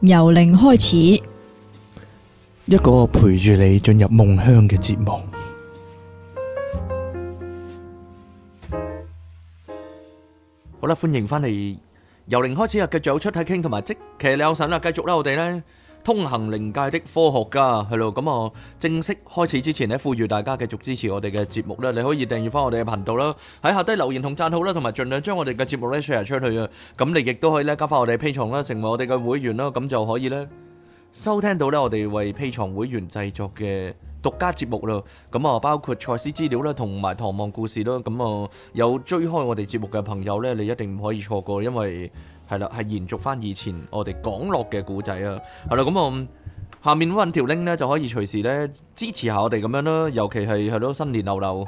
由零開始， 一個陪住你進入夢鄉嘅節目。好啦，歡迎翻嚟。由零開始啊，繼續有出體傾，同埋即其兩神啦，繼續啦，我哋咧。 通行靈界的科學家係咯，咁啊、嗯、正式開始之前呢，呼籲大家繼續支持我哋嘅節目咧，你可以訂閱翻我哋嘅頻道啦，喺下低留言同贊好啦，同埋儘量將我哋嘅節目咧 share 出去啊，咁、嗯、你亦都可以咧加翻我哋 Patreon 啦，成為我哋嘅會員啦，咁、嗯、就可以咧收聽到呢我哋為 Patreon 會員製作嘅獨家節目咯，咁、嗯、啊包括賽斯資料啦，同埋唐望故事咯，咁、嗯、啊、嗯、有追開我哋節目嘅朋友呢，你一定唔可以錯過，因為係啦，係延續翻以前我哋講落嘅故仔啊！係啦，咁、嗯、啊，下面搵條 link 咧就可以隨時咧支持下我哋咁樣啦。尤其係係咯新年流流，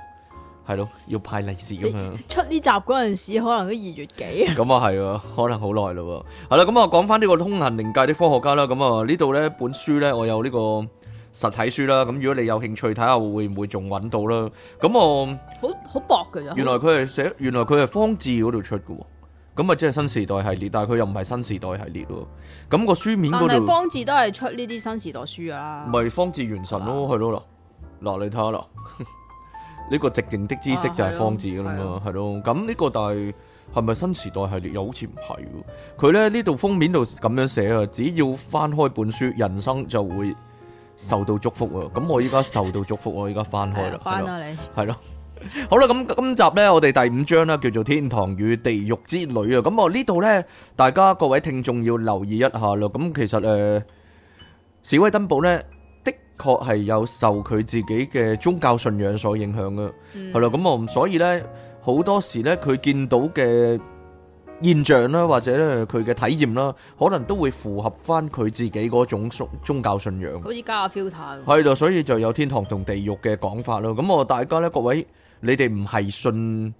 係咯要派利是咁樣。出呢集嗰陣時，可能都二月幾、嗯、啊？咁啊係喎，可能好耐咯。係啦，咁、嗯、啊，講翻呢個《通行靈界》啲科學家啦。咁啊，呢度咧本書咧，我有呢個實體書啦。咁如果你有興趣睇下，會唔會仲搵到啦？咁啊，好好薄㗎咋？原來佢係寫，原來佢係方志嗰度出嘅。咁咪即係新時代系列，但係佢又唔係新時代系列喎。咁、那個書面嗰度，但係方字都係出呢啲新時代書噶啦。咪方志元神咯，係咯啦，嗱你睇下啦，呢 個寂靜的知識就係方志噶啦嘛，係咯、啊。咁呢個但係係咪新時代系列？又好似唔係。佢咧呢度封面度咁樣寫啊，只要翻開本書，人生就會受到祝福啊。咁我依家受到祝福， 我依家翻開啦，係咯。 好啦，咁今集呢，我哋第五章呢，叫做《天堂與地獄之旅》啊。咁我呢度呢，大家各位聽眾要留意一下咯。咁其實誒，史、呃、威登堡呢，的確係有受佢自己嘅宗教信仰所影響嘅。係啦、嗯，咁我所以呢，好多時呢，佢見到嘅現象啦，或者咧佢嘅體驗啦，可能都會符合翻佢自己嗰種宗教信仰。好似加下 filter。係，所以就有天堂同地獄嘅講法咯。咁我大家呢，各位。你哋唔係信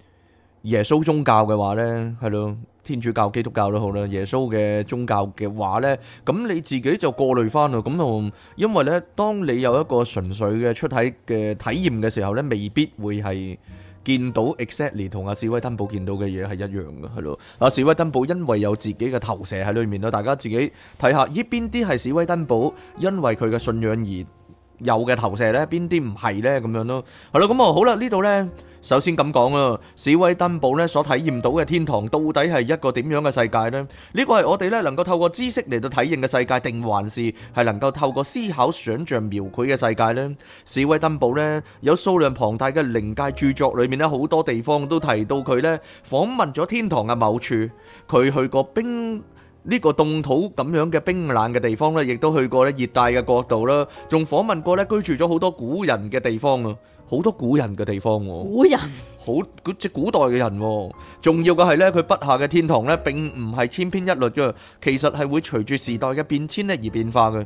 耶穌宗教嘅話呢，係咯，天主教、基督教都好啦。耶穌嘅宗教嘅話呢，咁你自己就過濾返咯。咁同因為呢，當你有一個純粹嘅出體嘅體驗嘅時候呢，未必會係見到 exactly 同阿示威登堡見到嘅嘢係一樣嘅，係咯。阿示威登堡因為有自己嘅投射喺裏面啦，大家自己睇下，呢邊啲係示威登堡因為佢嘅信仰而有嘅投射咧，邊啲唔係咧？咁樣咯，係咯，咁啊，好啦，呢度咧，首先咁講啦，史威登堡咧，所體驗到嘅天堂，到底係一個點樣嘅世界咧？呢個係我哋咧能夠透過知識嚟到體驗嘅世界，定還是係能夠透過思考、想像、描繪嘅世界咧？史威登堡咧有數量龐大嘅靈界著作裏面咧，好多地方都提到佢咧訪問咗天堂嘅某處，佢去過冰。呢個凍土咁樣嘅冰冷嘅地方咧，亦都去過咧熱帶嘅國度啦，仲訪問過咧居住咗好多古人嘅地方啊，好多古人嘅地方喎。古人？好，古即古代嘅人。重要嘅係咧，佢筆下嘅天堂咧並唔係千篇一律嘅，其實係會隨住時代嘅變遷咧而變化嘅。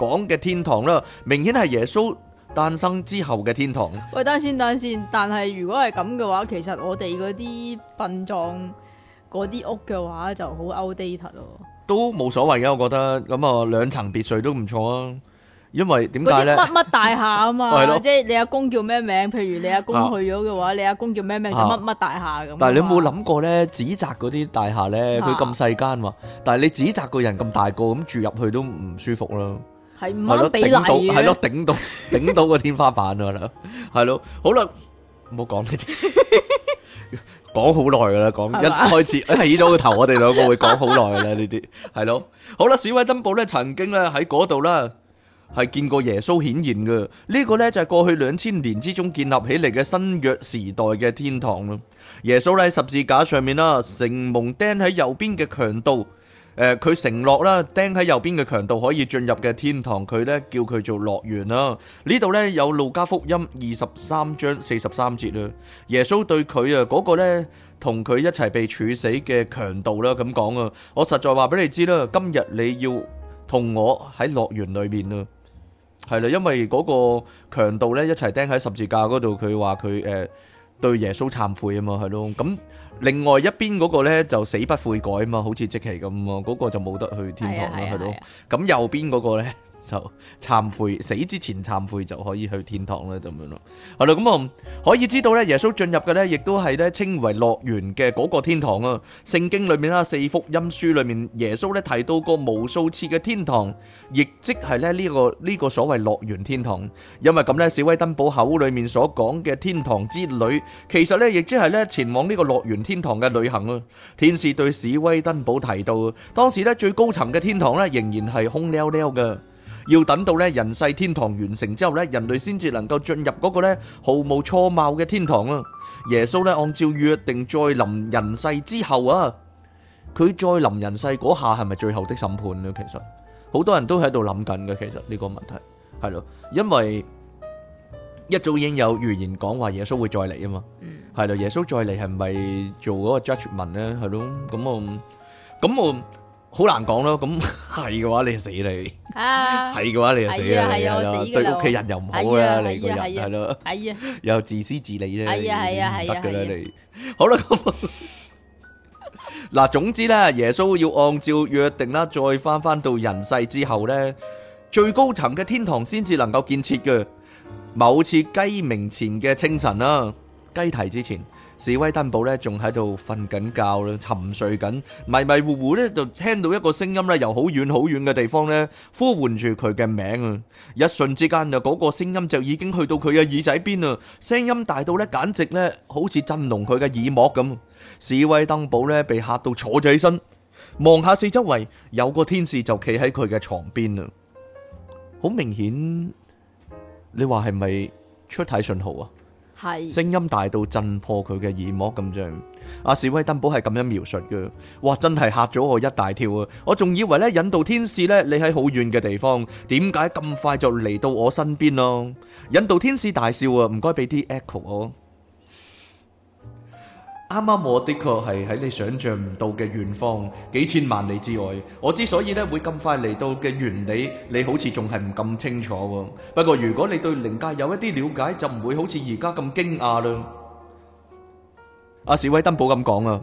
講嘅天堂啦，明顯係耶穌誕生之後嘅天堂。喂，等先，等先。但係如果係咁嘅話，其實我哋嗰啲殯葬嗰啲屋嘅話就 out，就好 outdated 咯。都冇所謂嘅，我覺得咁啊，兩層別墅都唔錯啊。因為點解咧？乜乜大廈啊嘛， 哦、咯即係你阿公叫咩名？譬如你阿公去咗嘅話，啊、你阿公叫咩名就乜乜大廈咁、啊。但係你有冇諗過咧，紙紮嗰啲大廈咧，佢咁細間嘛？但係你紙紮個人咁大個咁住入去都唔舒服啦。係咯，頂到係咯，頂到頂到個天花板啦，係咯，好啦，唔好講呢啲，講好耐噶啦，講一開始起咗個頭，我哋兩個會講好耐噶啦呢啲，係咯，好啦，史威登堡咧曾經咧喺嗰度啦，係見過耶穌顯現嘅，呢個咧就係過去兩千年之中建立起嚟嘅新約時代嘅天堂咯，耶穌喺十字架上面啦，成蒙釘喺右邊嘅強盜。誒，佢承諾啦，釘喺右邊嘅強盜可以進入嘅天堂，佢咧叫佢做樂園啦。呢度咧有路加福音二十三章四十三節啦，耶穌對佢啊嗰個咧同佢一齊被處死嘅強盜啦咁講啊，我實在話俾你知啦，今日你要同我喺樂園裏面啊，係啦，因為嗰個強盜咧一齊釘喺十字架嗰度，佢話佢誒對耶穌懺悔啊嘛，係咯，咁。另外一邊嗰個咧就死不悔改啊嘛，好似即係咁啊，嗰個就冇得去天堂啦，係咯。咁右邊嗰個咧，就懺悔，死之前懺悔就可以去天堂啦，咁樣咯。係、嗯、啦，咁我可以知道咧，耶穌進入嘅咧，亦都係咧稱為樂園嘅嗰個天堂啊。聖經裏面啦，四福音書裏面，耶穌咧提到過無數次嘅天堂，亦即係咧呢個呢、呢個所謂樂園天堂。因為咁咧，史威登堡口裏面所講嘅天堂之旅，其實咧亦即係咧前往呢個樂園天堂嘅旅行啊。天使對史威登堡提到，當時咧最高層嘅天堂咧仍然係空溜溜嘅。要等到咧人世天堂完成之後咧，人類先至能夠進入嗰個咧毫無錯謬嘅天堂啦。耶穌咧按照約定再臨人世之後啊，佢再臨人世嗰下係咪最後的審判啊？其實好多人都喺度諗緊嘅，其實呢個問題係咯，因為一早已經有預言講話耶穌會再嚟啊嘛嗯，係咯，耶穌再嚟係咪做嗰個 judgement 咧？係咯，咁我咁我。好難講咯，咁係嘅話你就死你，係嘅話你就死啦，對屋企人又唔好啦，你個人係咯，又自私自利啫，唔得嘅啦你。好啦，嗱，總之咧，耶穌要按照約定啦，再翻翻到人世之後咧，最高層嘅天堂先至能夠建設嘅。某次雞鳴前嘅清晨啦，雞啼之前。示威登堡咧仲喺度瞓緊覺啦，沉睡緊，迷迷糊糊咧就聽到一個聲音啦，由好遠好遠嘅地方咧呼喚住佢嘅名啊！一瞬之間就嗰個聲音就已經去到佢嘅耳仔邊啦，聲音大到咧簡直咧好似震聾佢嘅耳膜咁。示威登堡咧被嚇到坐咗起身，望下四周圍，有個天使就企喺佢嘅床邊啊！好明顯，你話係咪出體信號啊？是聲音大到震破佢嘅耳膜咁樣，阿、啊、史威登堡係咁樣描述嘅。哇，真係嚇咗我一大跳啊！我仲以為咧引導天使咧，你喺好遠嘅地方，點解咁快就嚟到我身邊咯？引導天使大笑啊！唔該俾啲 echo 我。啱啱我的確係喺你想象唔到嘅遠方，幾千萬里之外。我之所以咧會咁快嚟到嘅原理，你好似仲係唔咁清楚。不過如果你對靈界有一啲了解，就唔會好似而家咁驚訝啦。阿史威登堡咁講啊，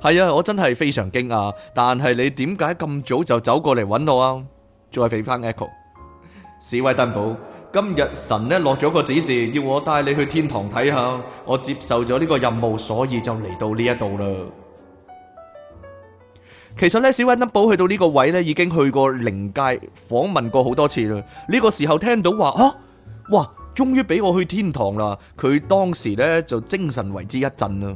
係啊，我真係非常驚訝。但係你點解咁早就走過嚟揾我啊？再俾翻 Echo，史威登堡。今日神咧落咗個指示，要我帶你去天堂睇下。我接受咗呢個任務，所以就嚟到呢一度啦。 其實咧，史威登堡去到呢個位咧，已經去過靈界訪問過好多次啦。呢、這個時候聽到話啊，哇，終於俾我去天堂啦！佢當時咧就精神為之一振啦。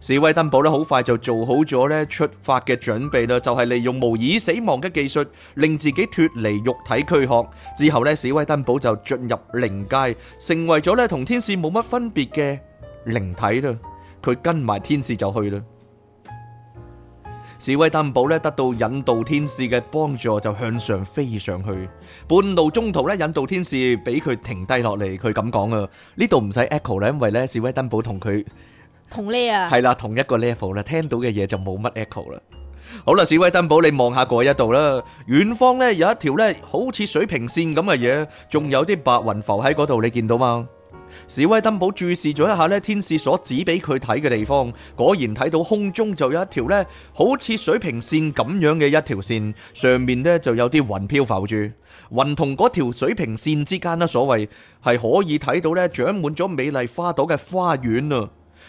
史威登堡咧好快就做好咗咧出發嘅準備啦，就係、是、利用模擬死亡嘅技術，令自己脫離肉體軀殼之後咧，史威登堡就進入靈界，成為咗咧同天使冇乜分別嘅靈體啦。佢跟埋天使就去啦。史威登堡咧得到引導天使嘅幫助，就向上飛上去。半路中途咧，引導天使俾佢停低落嚟，佢咁講啊，呢度唔使 echo 咧，因為咧史威登堡同佢。同呢啊，係啦，同一個 level 啦，聽到嘅嘢，就冇乜 echo 啦。好啦，史威登堡，你望下嗰一度啦。遠方咧有一條咧好似水平線咁嘅嘢，仲有啲白雲浮喺嗰度，你見到嗎？史威登堡注視咗一下咧，天使所指俾佢睇嘅地方，果然睇到空中就有一條咧好似水平線咁樣嘅一條線，上面咧就有啲雲飄浮住，雲同嗰條水平線之間咧，所謂係可以睇到咧長滿咗美麗花朵嘅花園啊。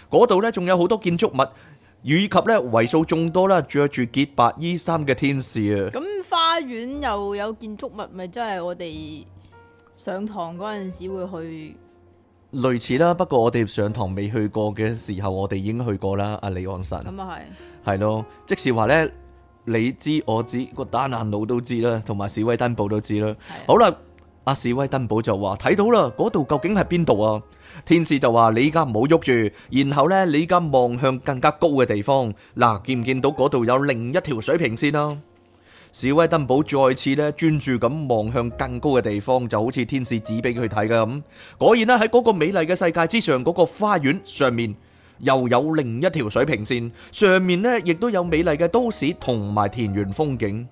嗰度咧仲有好多建築物，以及咧為數眾多啦着住潔白衣衫嘅天使啊！咁花園又有建築物，咪即係我哋上堂嗰陣時會去類似啦。不過我哋上堂未去過嘅時候，我哋已經去過啦。阿李昂臣咁啊係係咯，即係話咧你知我知，個丹尼佬都知啦，同埋史威登堡都知啦。的好啦。阿史威登堡就話睇到啦，嗰度究竟係邊度啊？天使就話，你依家唔好喐住，然後咧你依家望向更加高嘅地方，嗱，見唔見到嗰度有另一條水平線啊？史威登堡再次咧專注咁望向更高嘅地方，就好似天使指俾佢睇嘅咁。果然咧喺嗰個美麗嘅世界之上，嗰個花園上面又有另一條水平線，上面咧亦都有美麗嘅都市同埋田園風景。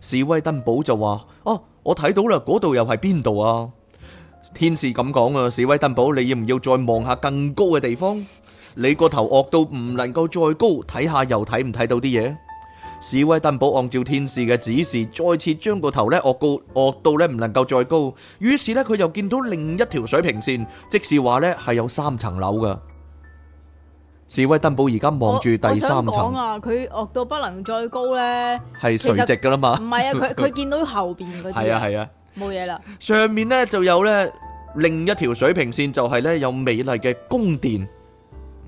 史威登堡就話哦。我睇到啦，嗰度又係邊度啊？天使咁講啊，史威登堡，你要唔要再望下更高嘅地方？你個頭惡到唔能夠再高，睇下又睇唔睇到啲嘢？史威登堡按照天使嘅指示，再次將個頭咧惡高，惡到咧唔能夠再高，於是呢，佢又見到另一條水平線，即是話呢係有三層樓噶。示威登堡而家望住第三層啊！佢惡到不能再高咧，係垂直噶啦嘛？唔係啊，佢佢見到後邊嗰啲係啊係啊，冇嘢啦。上面咧就有咧另一條水平線就呢，就係咧有美麗嘅宮殿。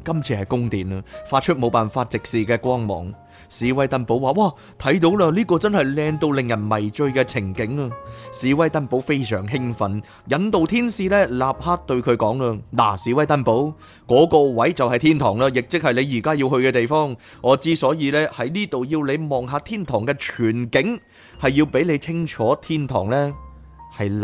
今次係宮殿啊，發出冇辦法直視嘅光芒。史威登堡話：哇，睇到啦，呢個真係靚到令人迷醉嘅情景啊！史威登堡非常興奮，引導天使呢立刻對佢講啦：嗱，史威登堡，嗰個位就係天堂啦，亦即係你而家要去嘅地方。我之所以呢喺呢度要你望下天堂嘅全景，係要俾你清楚天堂呢。」係立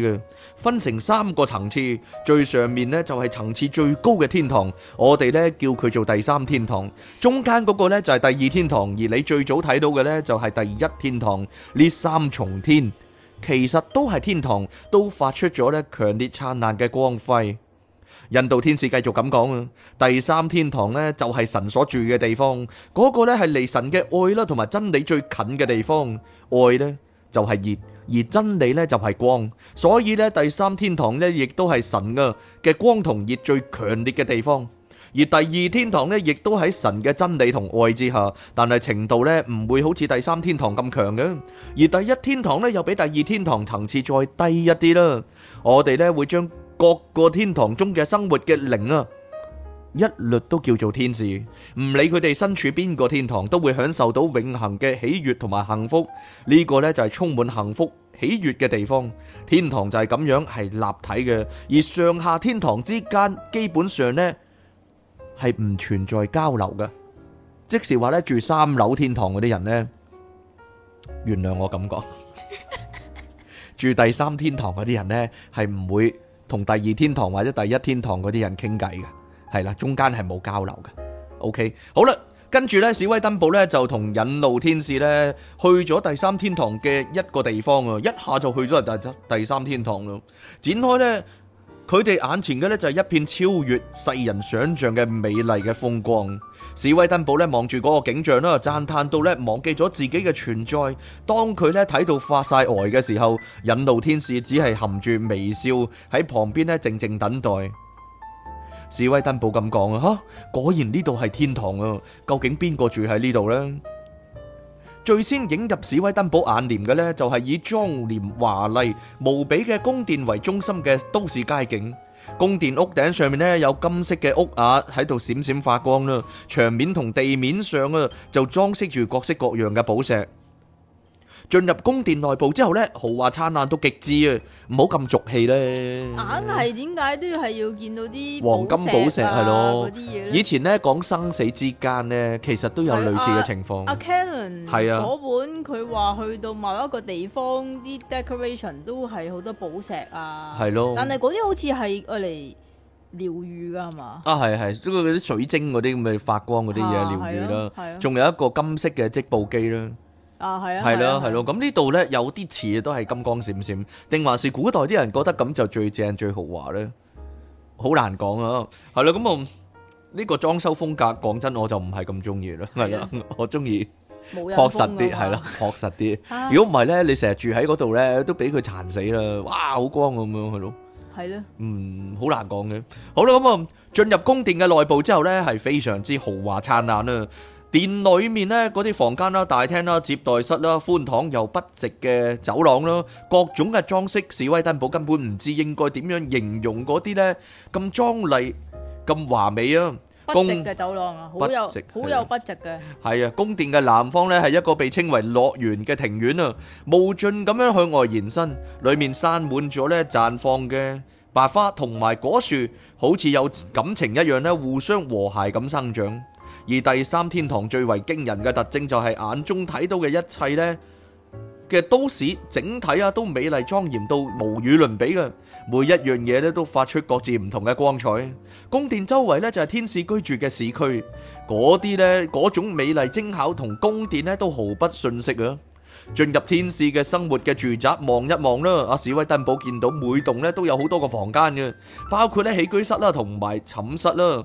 體嘅，分成三個層次，最上面呢，就係層次最高嘅天堂，我哋呢，叫佢做第三天堂，中間嗰個呢，就係第二天堂，而你最早睇到嘅呢，就係第一天堂。呢三重天其實都係天堂，都發出咗呢強烈燦爛嘅光輝。印度天使繼續咁講啊，第三天堂呢，就係神所住嘅地方，嗰個呢，係離神嘅愛啦同埋真理最近嘅地方，愛呢，就係熱。而真理咧就係光，所以咧第三天堂咧亦都係神嘅嘅光同熱最強烈嘅地方，而第二天堂咧亦都喺神嘅真理同愛之下，但係程度咧唔會好似第三天堂咁強嘅，而第一天堂咧又比第二天堂層次再低一啲啦。我哋咧會將各個天堂中嘅生活嘅靈啊。一律都叫做天使，唔理佢哋身處邊個天堂，都會享受到永恆嘅喜悅同埋幸福。呢個呢就係充滿幸福喜悅嘅地方。天堂就係咁樣，係立體嘅。而上下天堂之間，基本上呢係唔存在交流嘅。即使話呢住三樓天堂嗰啲人呢，原諒我咁講，住第三天堂嗰啲人呢，係唔會同第二天堂或者第一天堂嗰啲人傾偈嘅。係啦，中間係冇交流嘅。OK，好啦，跟住呢，史威登堡呢就同引路天使呢去咗第三天堂嘅一個地方啊，一下就去咗第三第三天堂咯。展開呢，佢哋眼前嘅呢就係一片超越世人想象嘅美麗嘅風光。史威登堡呢望住嗰個景象呢，讚嘆到呢，忘記咗自己嘅存在。當佢呢睇到發晒呆嘅時候，引路天使只係含住微笑喺旁邊呢，靜靜等待。史威登堡咁講啊，嚇！果然呢度係天堂啊！究竟邊個住喺呢度呢？最先映入史威登堡眼簾嘅呢，就係以莊嚴華麗無比嘅宮殿為中心嘅都市街景。宮殿屋頂上面呢有金色嘅屋瓦喺度閃閃發光啦，牆面同地面上啊就裝飾住各式各樣嘅寶石。進入宮殿內部之後咧，豪華燦爛到極致啊！唔好咁俗氣咧。硬係點解都係要見到啲黃金寶石係咯？啲嘢，以前咧講生死之間咧，其實都有類似嘅情況。阿 Cameron 係啊，嗰本佢話去到某一個地方啲 decoration 都係好多寶石啊，係咯。但係嗰啲好似係愛嚟療愈㗎嘛？啊係係，即係嗰啲水晶嗰啲咁嘅發光嗰啲嘢療愈啦，仲有一個金色嘅織布機啦。啊，係啊，係咯，係咯。咁呢度咧，有啲似都係金光閃閃，定還是古代啲人覺得咁就最正最豪華咧？好難講啊，係咯。咁啊，呢個裝修風格，講真，我就唔係咁中意啦，係啦，我中意樸實啲，係啦，樸實啲。如果唔係咧，你成日住喺嗰度咧，都俾佢殘死啦。哇，好光咁樣係咯，係咯。嗯，好難講嘅。好啦，咁啊，進入宮殿嘅內部之後咧，係非常之豪華燦爛啦。殿裏面咧，嗰啲房間啦、大廳啦、接待室啦、寬敞又筆直嘅走廊啦，各種嘅裝飾，示威登堡根本唔知應該點樣形容嗰啲咧，咁壯麗、咁華美啊！筆直嘅走廊啊，好有筆直嘅。係啊，宮殿嘅南方咧，係一個被稱為樂園嘅庭園啊，無盡咁樣向外延伸，裡面散滿咗咧，綻放嘅白花同埋果樹，好似有感情一樣咧，互相和諧咁生長。而第三天堂最為驚人嘅特徵就係眼中睇到嘅一切呢，嘅都市整體啊，都美麗莊嚴到無與倫比嘅，每一樣嘢咧都發出各自唔同嘅光彩。宮殿周圍呢，就係天使居住嘅市區，嗰啲呢，嗰種美麗精巧同宮殿呢，都毫不遜色啊！進入天使嘅生活嘅住宅，望一望啦，阿史威登堡見到每棟呢，都有好多個房間嘅，包括呢，起居室啦同埋寢室啦。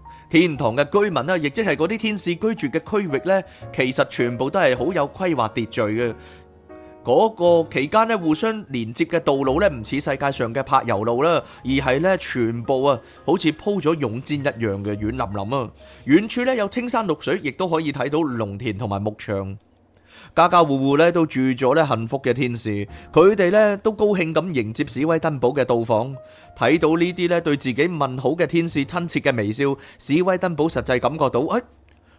天堂嘅居民咧，亦即係嗰啲天使居住嘅區域呢，其實全部都係好有規劃秩序嘅。嗰、嗰個期間呢，互相連接嘅道路呢，唔似世界上嘅柏油路啦，而係呢，全部啊，好似鋪咗絨氈一樣嘅軟腍腍啊。遠處呢，有青山綠水，亦都可以睇到農田同埋牧場。家家戶戶咧都住咗咧幸福嘅天使，佢哋咧都高興咁迎接史威登堡嘅到訪。睇到呢啲咧對自己問好嘅天使親切嘅微笑，史威登堡實際感覺到誒，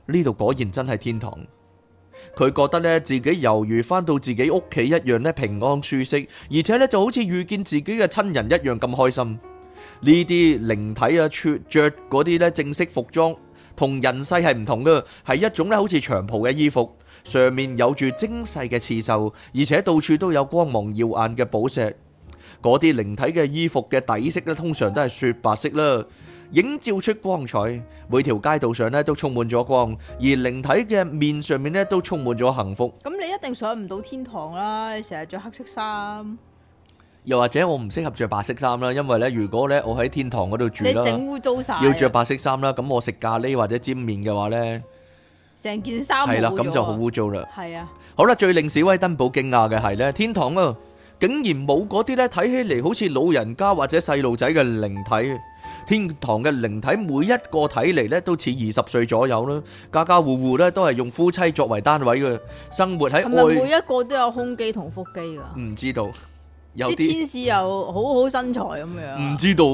呢度果然真係天堂。佢覺得咧自己猶如翻到自己屋企一樣咧平安舒適，而且咧就好似遇見自己嘅親人一樣咁開心。呢啲靈體啊，穿著嗰啲咧正式服裝。同人世係唔同嘅，係一種咧好似長袍嘅衣服，上面有住精細嘅刺繡，而且到處都有光芒耀眼嘅寶石。嗰啲靈體嘅衣服嘅底色咧，通常都係雪白色啦，映照出光彩。每條街道上咧都充滿咗光，而靈體嘅面上面咧都充滿咗幸福。咁你一定上唔到天堂啦！你成日着黑色衫。又或者我唔適合着白色衫啦，因為咧，如果咧我喺天堂嗰度住啦，要着白色衫啦，咁我食咖喱或者沾麵嘅話咧，成件衫係啦，咁就好污糟啦。係啊，好啦，最令史威登堡驚訝嘅係咧，天堂啊，竟然冇嗰啲咧，睇起嚟好似老人家或者細路仔嘅靈體。天堂嘅靈體每一個睇嚟咧，都似二十歲左右啦。家家戶戶咧都係用夫妻作為單位嘅生活喺愛。係咪每一個都有胸肌同腹肌㗎？唔知道。有啲天使又好好身材咁樣，唔知道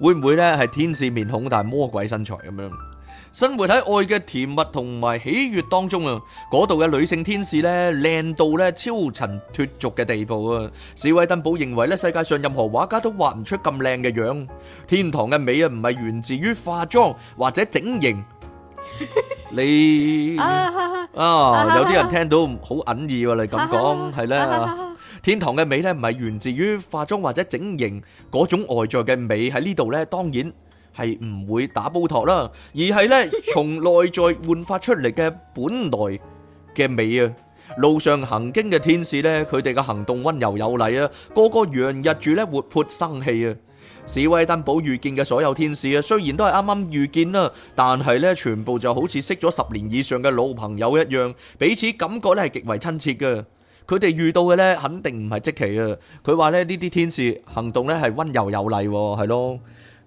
會唔會咧係天使面孔但係魔鬼身材咁樣。生活喺愛嘅甜蜜同埋喜悦當中啊，嗰度嘅女性天使咧靚到咧超塵脱俗嘅地步啊！史威登堡認為咧，世界上任何畫家都畫唔出咁靚嘅樣。天堂嘅美啊，唔係源自於化妝或者整形。你啊，有啲人聽到好引義你咁講係呢。天堂嘅美咧，唔係源自於化妝或者整形嗰種外在嘅美。喺呢度咧，當然係唔會打煲托啦，而係咧從內在煥發出嚟嘅本來嘅美啊！路上行經嘅天使咧，佢哋嘅行動溫柔有禮啊，個個洋溢住咧活潑生氣啊！士威登堡遇見嘅所有天使啊，雖然都係啱啱遇見啦，但係咧全部就好似識咗十年以上嘅老朋友一樣，彼此感覺咧係極為親切㗎。佢哋遇到嘅呢，肯定唔係積奇啊！佢話咧呢啲天使行動呢係温柔有禮，係咯。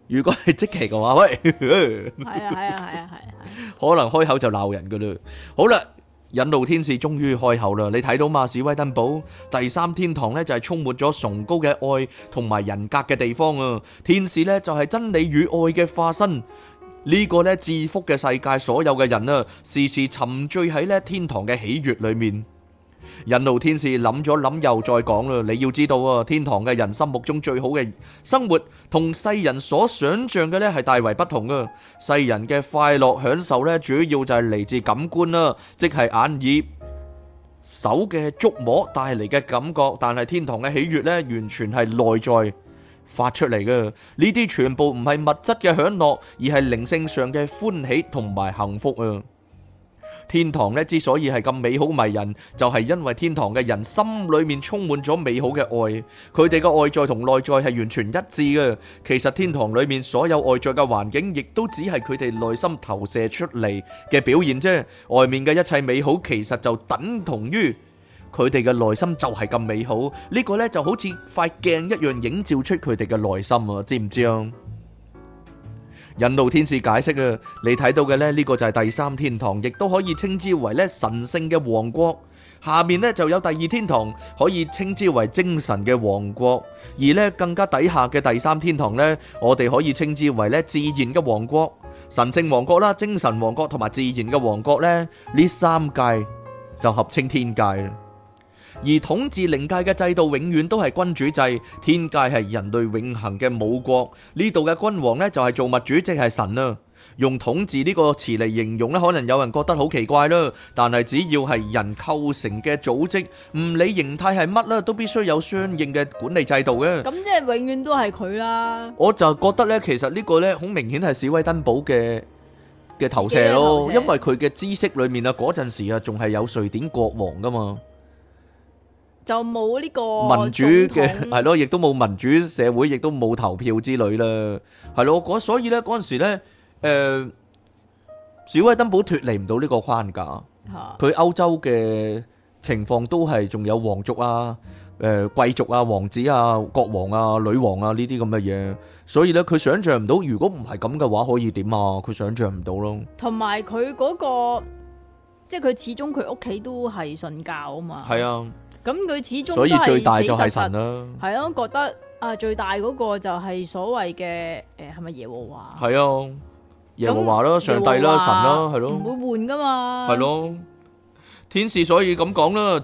如果係積奇嘅話，喂，係啊係啊係啊係啊，可能開口就鬧人噶啦。好啦，引路天使終於開口啦！你睇到嘛？史威登堡第三天堂呢，就係充滿咗崇高嘅愛同埋人格嘅地方啊！天使呢，就係真理與愛嘅化身，呢、這個呢，賜福嘅世界所有嘅人啊，時時沉醉喺呢天堂嘅喜悦裏面。引路天使諗咗諗又再講啦，你要知道啊，天堂嘅人心目中最好嘅生活，同世人所想象嘅呢係大為不同噶。世人嘅快樂享受呢，主要就係嚟自感官啦，即係眼耳手嘅觸摸帶嚟嘅感覺。但係天堂嘅喜悅呢，完全係內在發出嚟噶。呢啲全部唔係物質嘅享樂，而係靈性上嘅歡喜同埋幸福啊！天堂咧之所以係咁美好迷人，就係因為天堂嘅人心裏面充滿咗美好嘅愛，佢哋嘅外在同內在係完全一致嘅。其實天堂裏面所有外在嘅環境，亦都只係佢哋內心投射出嚟嘅表現啫。外面嘅一切美好，其實就等同於佢哋嘅內心就係咁美好。呢個呢，就好似塊鏡一樣，映照出佢哋嘅內心啊！知唔知啊？引路天使解釋啊，你睇到嘅咧，呢個就係第三天堂，亦都可以稱之為咧神聖嘅王國。下面呢就有第二天堂，可以稱之為精神嘅王國。而呢更加底下嘅第三天堂呢，我哋可以稱之為咧自然嘅王國。神聖王國啦、精神王國同埋自然嘅王國呢，呢三界就合稱天界。而統治靈界嘅制度永遠都係君主制，天界係人類永恒嘅母國，呢度嘅君王呢，就係造物主，即係神啦。用統治呢個詞嚟形容呢，可能有人覺得好奇怪啦。但係只要係人構成嘅組織，唔理形態係乜啦，都必須有相應嘅管理制度嘅。咁即係永遠都係佢啦。我就覺得呢，其實呢個呢，好明顯係史威登堡嘅嘅投射咯，因為佢嘅知識裏面啊，嗰陣時啊仲係有瑞典國王噶嘛。就冇呢個民主嘅，係咯，亦都冇民主社會，亦都冇投票之類啦。係咯，所以咧嗰陣時咧，誒、呃，小威登堡脫離唔到呢個框架。佢歐洲嘅情況都係仲有皇族啊，誒、呃，貴族啊，王子啊，國王啊，女王啊呢啲咁嘅嘢。所以咧，佢想象唔到，如果唔係咁嘅話，可以點啊？佢想象唔到咯。同埋佢嗰個，即係佢始終佢屋企都係信教啊嘛。係啊。咁佢始終所以最大就係神啦，係咯實、啊，覺得啊最大嗰個就係所謂嘅誒，係、呃、咪耶和華？係啊，耶和華啦，上帝啦，和神啦，係咯、啊，唔會換噶嘛，係咯、啊，天使所以咁講啦。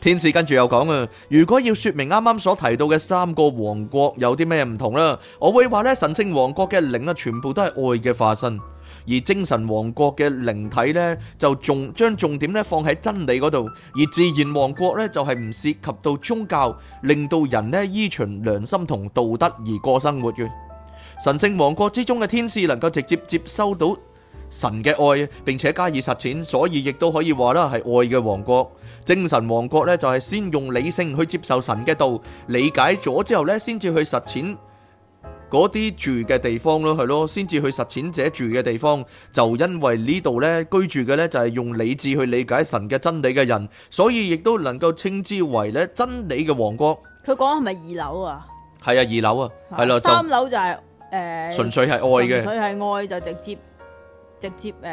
天使跟住又講啊，如果要說明啱啱所提到嘅三個王國有啲咩唔同啦，我會話咧神聖王國嘅靈啊，全部都係愛嘅化身；而精神王國嘅靈體呢，就仲將重點咧放喺真理嗰度；而自然王國呢，就係唔涉及到宗教，令到人呢依循良心同道德而過生活嘅。神聖王國之中嘅天使能夠直接接收到神嘅愛，並且加以實踐，所以亦都可以話啦，係愛嘅王國。精神王國咧，就係先用理性去接受神嘅道，理解咗之後咧，先至去實踐嗰啲住嘅地方咯，係咯，先至去實踐者住嘅地方。就因為呢度咧，居住嘅咧，就係用理智去理解神嘅真理嘅人，所以亦都能夠稱之為咧，真理嘅王國。佢講，係咪二樓啊？係啊，二樓啊，係咯，三樓就係誒，純粹係愛嘅，純粹係愛就直接。直接誒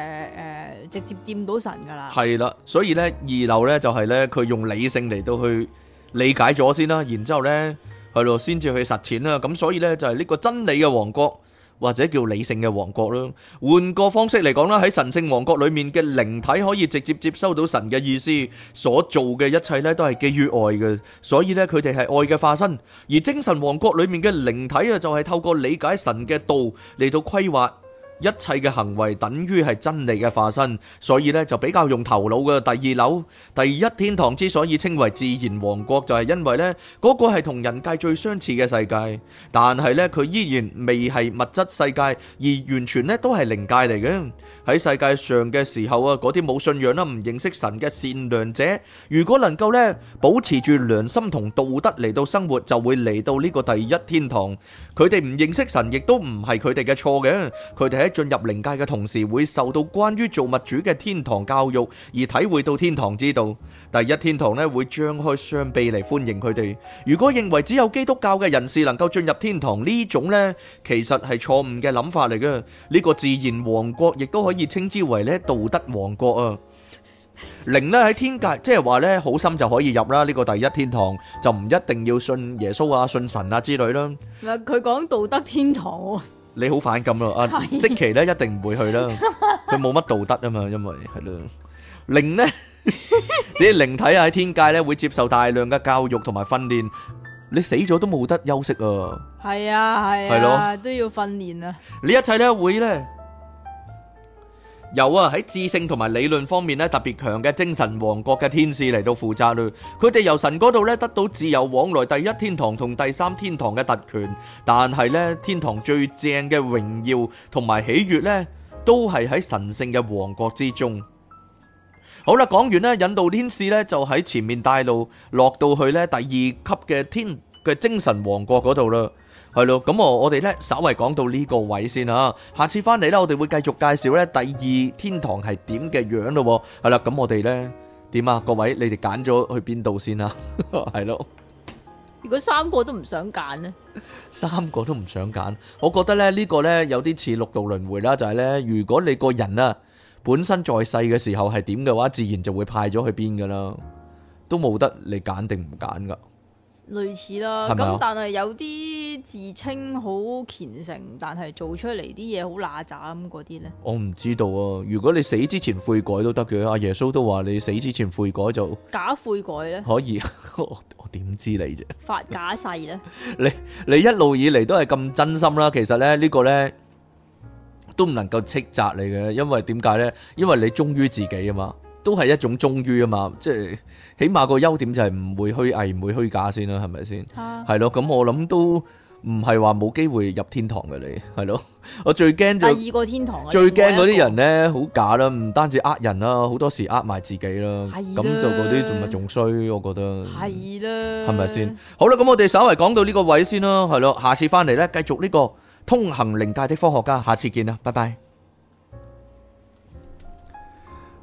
誒直接掂到神噶啦，係啦，所以咧二樓咧就係咧佢用理性嚟到去理解咗先啦，然之後咧係度，先至去實踐啦，咁所以咧就係呢個真理嘅王國或者叫理性嘅王國啦。換個方式嚟講啦，喺神聖王國裡面嘅靈體可以直接接收到神嘅意思，所做嘅一切咧都係基於愛嘅，所以咧佢哋係愛嘅化身。而精神王國裡面嘅靈體啊，就係透過理解神嘅道嚟到規劃。一切嘅行為等於係真理嘅化身，所以咧就比較用頭腦嘅第二樓。第一天堂之所以稱為自然王國，就係因為咧嗰個係同人界最相似嘅世界，但係咧佢依然未係物質世界，而完全咧都係靈界嚟嘅。喺世界上嘅時候啊，嗰啲冇信仰啦、唔認識神嘅善良者，如果能夠咧保持住良心同道德嚟到生活，就會嚟到呢個第一天堂。佢哋唔認識神，亦都唔係佢哋嘅錯嘅，佢哋喺。進入靈界嘅同時，會受到關於造物主嘅天堂教育，而體會到天堂之道。第一天堂咧會張開雙臂嚟歡迎佢哋。如果認為只有基督教嘅人士能夠進入天堂呢種呢，其實係錯誤嘅諗法嚟嘅。呢個自然王國亦都可以稱之為咧道德王國啊。靈呢喺天界，即係話咧好心就可以入啦。呢個第一天堂就唔一定要信耶穌啊、信神啊之類啦。嗱，佢講道德天堂。你好反感咯啊，即期咧一定唔會去啦，佢冇乜道德啊嘛，因為係咯。靈咧，啲靈體啊喺天界咧會接受大量嘅教育同埋訓練，你死咗都冇得休息啊！係啊係啊，都要訓練啊！你一切咧會咧。有啊，喺智性同埋理論方面咧特別強嘅精神王國嘅天使嚟到，負責嘞。佢哋由神嗰度咧得到自由往來第一天堂同第三天堂嘅特權，但係咧天堂最正嘅榮耀同埋喜悅咧都係喺神聖嘅王國之中。好啦，啊，講完呢，引導天使咧就喺前面帶路，落到去咧第二級嘅天嘅精神王國嗰度嘞。係咯，咁我哋呢，稍為講到呢個位先啊。下次翻嚟呢，我哋會繼續介紹呢第二天堂係點嘅樣咯。係啦，咁我哋呢，點啊？各位，你哋揀咗去邊度先啊？係 咯了。如果三個都唔想揀呢？三個都唔想揀。我覺得呢，呢個呢，有啲似六道輪迴啦，就係呢，如果你個人啊本身在世嘅時候係點嘅話，自然就會派咗去邊噶啦，都冇得你揀定唔揀噶。類似啦，咁但係有啲自稱好虔誠，但係做出嚟啲嘢好乸渣咁嗰啲呢？我唔知道啊！如果你死之前悔改都得嘅，阿耶穌都話你死之前悔改就假悔改呢？可以， 我我點知你啫？發假誓呢？ 你你一路以嚟都係咁真心啦，其實咧呢個呢，都唔能夠斥責你嘅，因為點解呢？因為你忠於自己啊嘛。都係一種忠於啊嘛，即係起碼個優點就係唔會虛偽、唔會虛假先啦，係咪先？係咯，啊，咁我諗都唔係話冇機會入天堂嘅你，係咯。我最驚就第二個天堂，啊，最驚嗰啲人咧好假啦，唔單止呃人啦，好多時呃埋自己啦。咁吧就嗰啲仲咪仲衰，我覺得係啦，係咪先？好啦，咁我哋稍微講到呢個位先啦，係咯，下次翻嚟咧繼續呢個通行靈界的科學家，下次見啦，拜拜。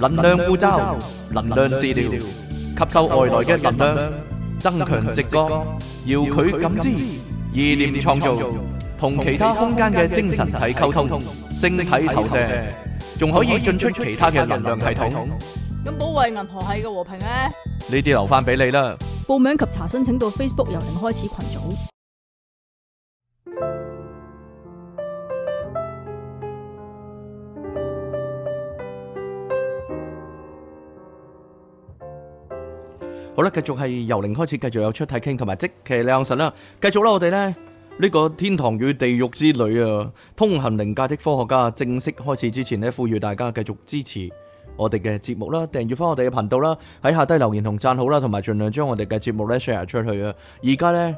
能量符咒、能量治療、吸收外來嘅能量、增強直覺、要佢感知、意念創造、同其他空間嘅精神體溝通、星體投射，仲可以進出其他嘅能量系統。咁保衛銀河系嘅和平咧？呢啲留翻俾你啦。報名及查詢請到 Facebook 由零開始群組。好啦，繼續係由零開始，繼續有出太傾同埋即其靚神啦。繼續啦，我哋呢，呢、呢個天堂與地獄之旅啊，通行靈界的科學家正式開始之前呢，呼籲大家繼續支持我哋嘅節目啦，訂閱翻我哋嘅頻道啦，喺下低留言同讚好啦，同埋盡量將我哋嘅節目咧 share 出去啊。而家呢，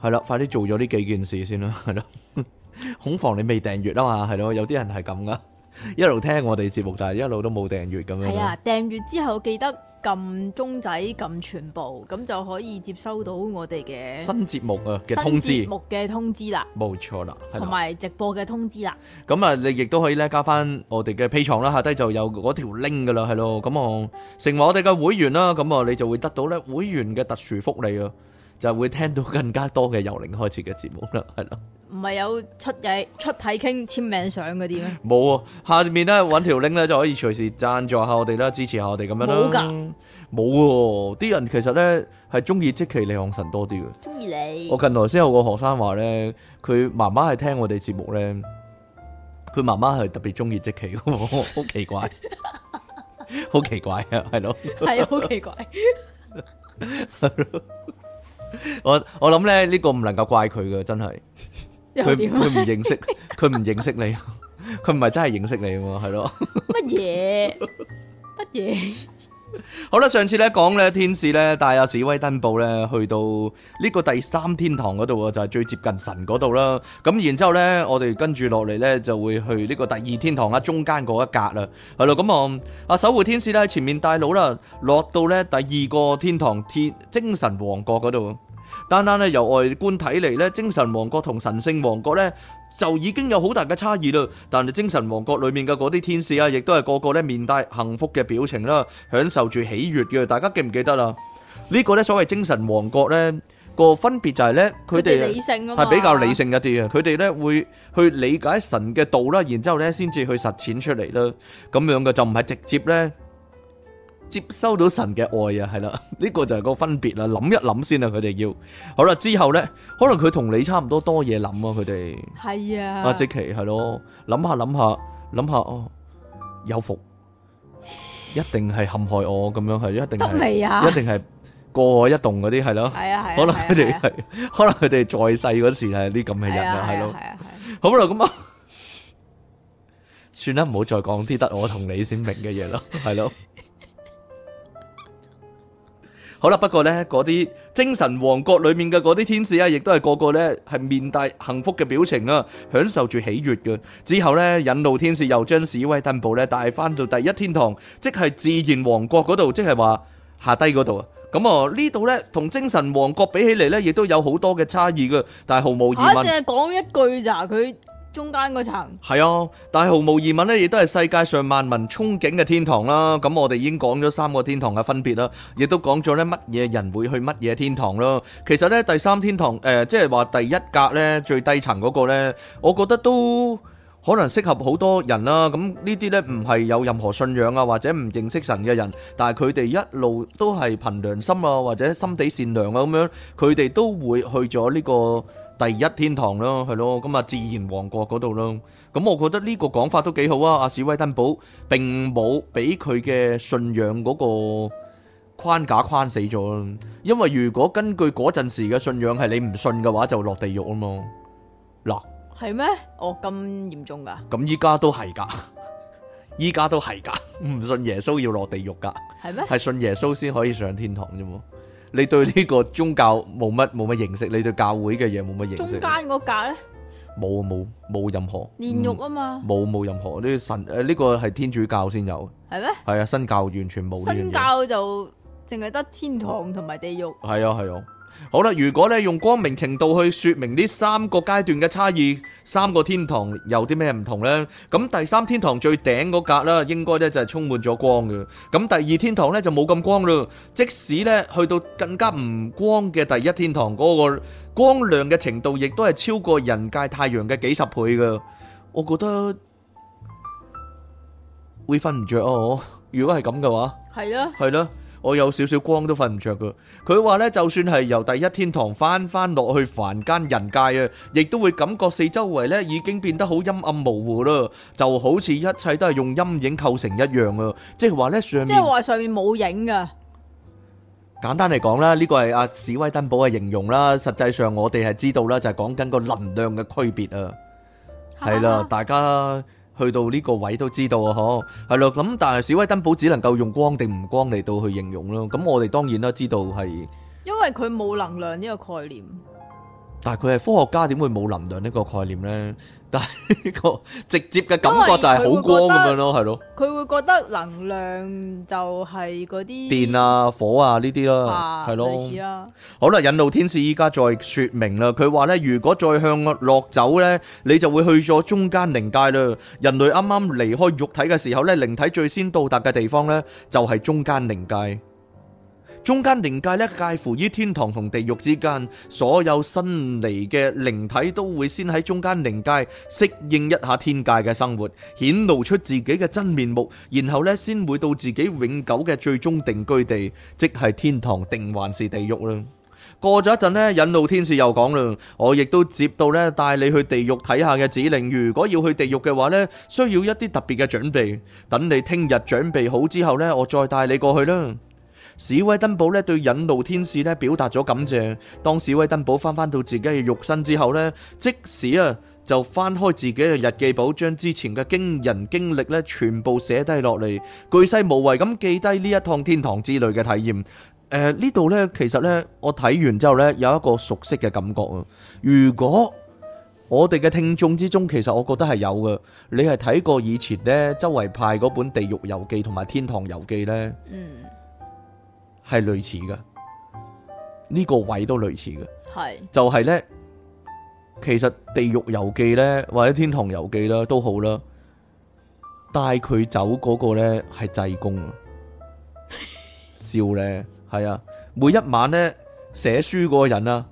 係啦，快啲做咗呢幾件事先啦，係咯，恐防你未訂閱啊嘛，係咯，有啲人係咁噶，一路聽我哋節目，但係一路都冇訂閱咁樣。係啊，訂閱之後記得。撳鐘仔撳全部，咁就可以接收到我哋嘅新節目啊嘅通知，目嘅通知啦，冇錯啦，同埋直播嘅通知啦。咁啊，你亦都可以咧加翻我哋嘅 P 床啦，下低就有嗰條 link 噶啦，係咯。咁啊，成為我哋嘅會員啦，咁啊，你就會得到咧會員嘅特殊福利啊。就會聽到更加多嘅由零開始嘅節目啦，係咯？唔係有出嘢、出體、傾簽名相嗰啲咩？冇啊！下面咧搵條 link 咧就可以隨時贊助下我哋啦，支持下我哋咁樣啦。冇噶，冇喎！啲人其實咧係中意即祈李漢神多啲嘅。中意你。我近來先有個學生話咧，佢媽媽係聽我哋節目咧，佢媽媽係特別中意即祈嘅，好奇怪，好奇怪啊，係咯？係好奇怪。 我我諗咧，呢個唔能夠怪佢嘅，真係，佢佢唔認識，佢唔認識你，佢唔係真係認識你喎，係 咯，乜嘢？乜嘢？ 好啦，上次咧講咧天使咧帶阿史威登堡咧去到呢個第三天堂嗰度啊，就係、是、最接近神嗰度啦。咁然之後咧，我哋跟住落嚟咧就會去呢個第二天堂間啊，中間嗰一格啦。係咯，咁啊，阿守護天使咧喺前面帶路啦，落到咧第二個天堂天精神王國嗰度。單單咧由外觀睇嚟咧，精神王國同神聖王國咧就已經有好大嘅差異啦。但係精神王國裏面嘅嗰啲天使啊，亦都係個個咧面帶幸福嘅表情啦，享受住喜悅嘅。大家記唔記得啦？呢個咧所謂精神王國咧個分別就係咧，佢哋理性係比較理性一啲嘅，佢哋咧會去理解神嘅道啦，然之後咧先至去實踐出嚟啦，咁樣嘅就唔係直接咧。接收到神嘅愛啊，係啦，呢個就係個分別啦。諗一諗先啦，佢哋要好啦。之後咧，可能佢同你差唔多多嘢諗啊，佢哋係啊。阿杰奇係咯，諗下諗下諗下，哦，有福一定係陷害我咁樣，係一定係一定係過我一動嗰啲係咯。係啊係啊。可能佢哋係，可能佢哋在世嗰時係啲咁嘅人啊，係咯。係啊係啊。好啦，咁啊，算啦，唔好再講啲得我同你先明嘅嘢咯，係咯。好啦，不過咧嗰啲精神王國裏面嘅嗰啲天使啊，亦都係個個咧係面帶幸福嘅表情啊，享受住喜悦嘅。之後咧，引導天使又將史威登堡咧帶翻到第一天堂，即係自然王國嗰度，即係話下低嗰度啊。咁啊，呢度咧同精神王國比起嚟咧，亦都有好多嘅差異噶，但係毫無疑問。吓、啊，淨係講一句咋，佢。中間嗰層係啊，但係毫無疑問咧，亦都係世界上萬民憧憬嘅天堂啦。咁我哋已經講咗三個天堂嘅分別啦，亦都講咗咧乜嘢人會去乜嘢天堂咯。其實咧第三天堂誒，即係話第一格咧最低層嗰個咧，我覺得都可能適合好多人啦。咁呢啲咧唔係有任何信仰啊，或者唔認識神嘅人，但係佢哋一路都係憑良心啊，或者心地善良啊咁樣，佢哋都會去咗呢個。第一天堂咯，係咯，咁啊自然王國嗰度咯。咁、嗯、我覺得呢個講法都幾好啊。阿史威登堡並冇俾佢嘅信仰嗰個框架框死咗，因為如果根據嗰陣時嘅信仰係你唔信嘅話，就落地獄啊嘛。嗱，係咩？我咁嚴重噶？咁依家都係噶，依家都係噶，唔信耶穌要落地獄噶？係咩？係信耶穌先可以上天堂啫麼？你對呢個宗教冇乜冇乜認識，你對教會嘅嘢冇乜認識。中間個架咧？冇冇冇任何，煉獄啊嘛？冇冇任何呢神，誒呢個係天主教先有。係咩？係啊，新教完全冇。新教就淨係得天堂同埋地獄。係啊係啊。好啦，如果咧用光明程度去說明呢三個階段嘅差異，三個天堂有啲咩唔同呢？咁第三天堂最頂嗰格啦，應該咧就係充滿咗光嘅。咁第二天堂咧就冇咁光喇。即使咧去到更加唔光嘅第一天堂嗰個光亮嘅程度，亦都係超過人界太陽嘅幾十倍噶。我覺得會瞓唔着哦。我如果係咁嘅話，係啦的，係咯。我有少少光都瞓唔着㗎。佢話咧，就算係由第一天堂翻翻落去凡間人界啊，亦都會感覺四周圍咧已經變得好陰暗模糊咯，就好似一切都係用陰影構成一樣啊。即係話咧上即係話上面冇影㗎。簡單嚟講啦，呢個係阿史威登堡嘅形容啦。實際上我哋係知道啦，就係講緊個能量嘅區別啊。係啦，大家。去到呢個位都知道啊，嗬，係咯，咁但係史威登堡只能夠用光定唔光嚟到去形容咯。咁我哋當然都知道係，因為佢冇能量呢個概念。但係佢係科學家，點會冇能量呢個概念呢？呢個直接嘅感覺就係好光咁樣咯，係咯。佢會覺得能量就係嗰啲電啊、火啊呢啲啦，係咯。好啦，引導天使依家再說明啦。佢話咧，如果再向落走咧，你就會去咗中間靈界啦。人類啱啱離開肉體嘅時候咧，靈體最先到達嘅地方咧，就係中間靈界。中間靈界咧，介乎於天堂同地獄之間，所有新嚟嘅靈體都會先喺中間靈界適應一下天界嘅生活，顯露出自己嘅真面目，然後咧，先會到自己永久嘅最終定居地，即係天堂定還是地獄啦。過咗一陣咧，引路天使又講啦：我亦都接到咧，帶你去地獄睇下嘅指令。如果要去地獄嘅話咧，需要一啲特別嘅準備。等你聽日準備好之後咧，我再帶你過去啦。史威登堡咧對引導天使咧表達咗感謝。當史威登堡返返到自己嘅肉身之後咧，即使啊就翻開自己嘅日記簿，將之前嘅驚人經歷咧全部寫低落嚟，巨細無遺咁記低呢一趟天堂之旅嘅體驗。誒、呃，呢度呢，其實呢，我睇完之後呢，有一個熟悉嘅感覺啊。如果我哋嘅聽眾之中，其實我覺得係有嘅，你係睇過以前呢，周圍派嗰本《地獄遊記》同埋《天堂遊記》呢？嗯。係類似嘅，呢、這個位都類似嘅，係是就係咧，其實地獄遊記咧或者天堂遊記啦都好啦，帶佢走嗰個咧係濟公啊，笑咧係啊，每一晚咧寫書嗰個人啊，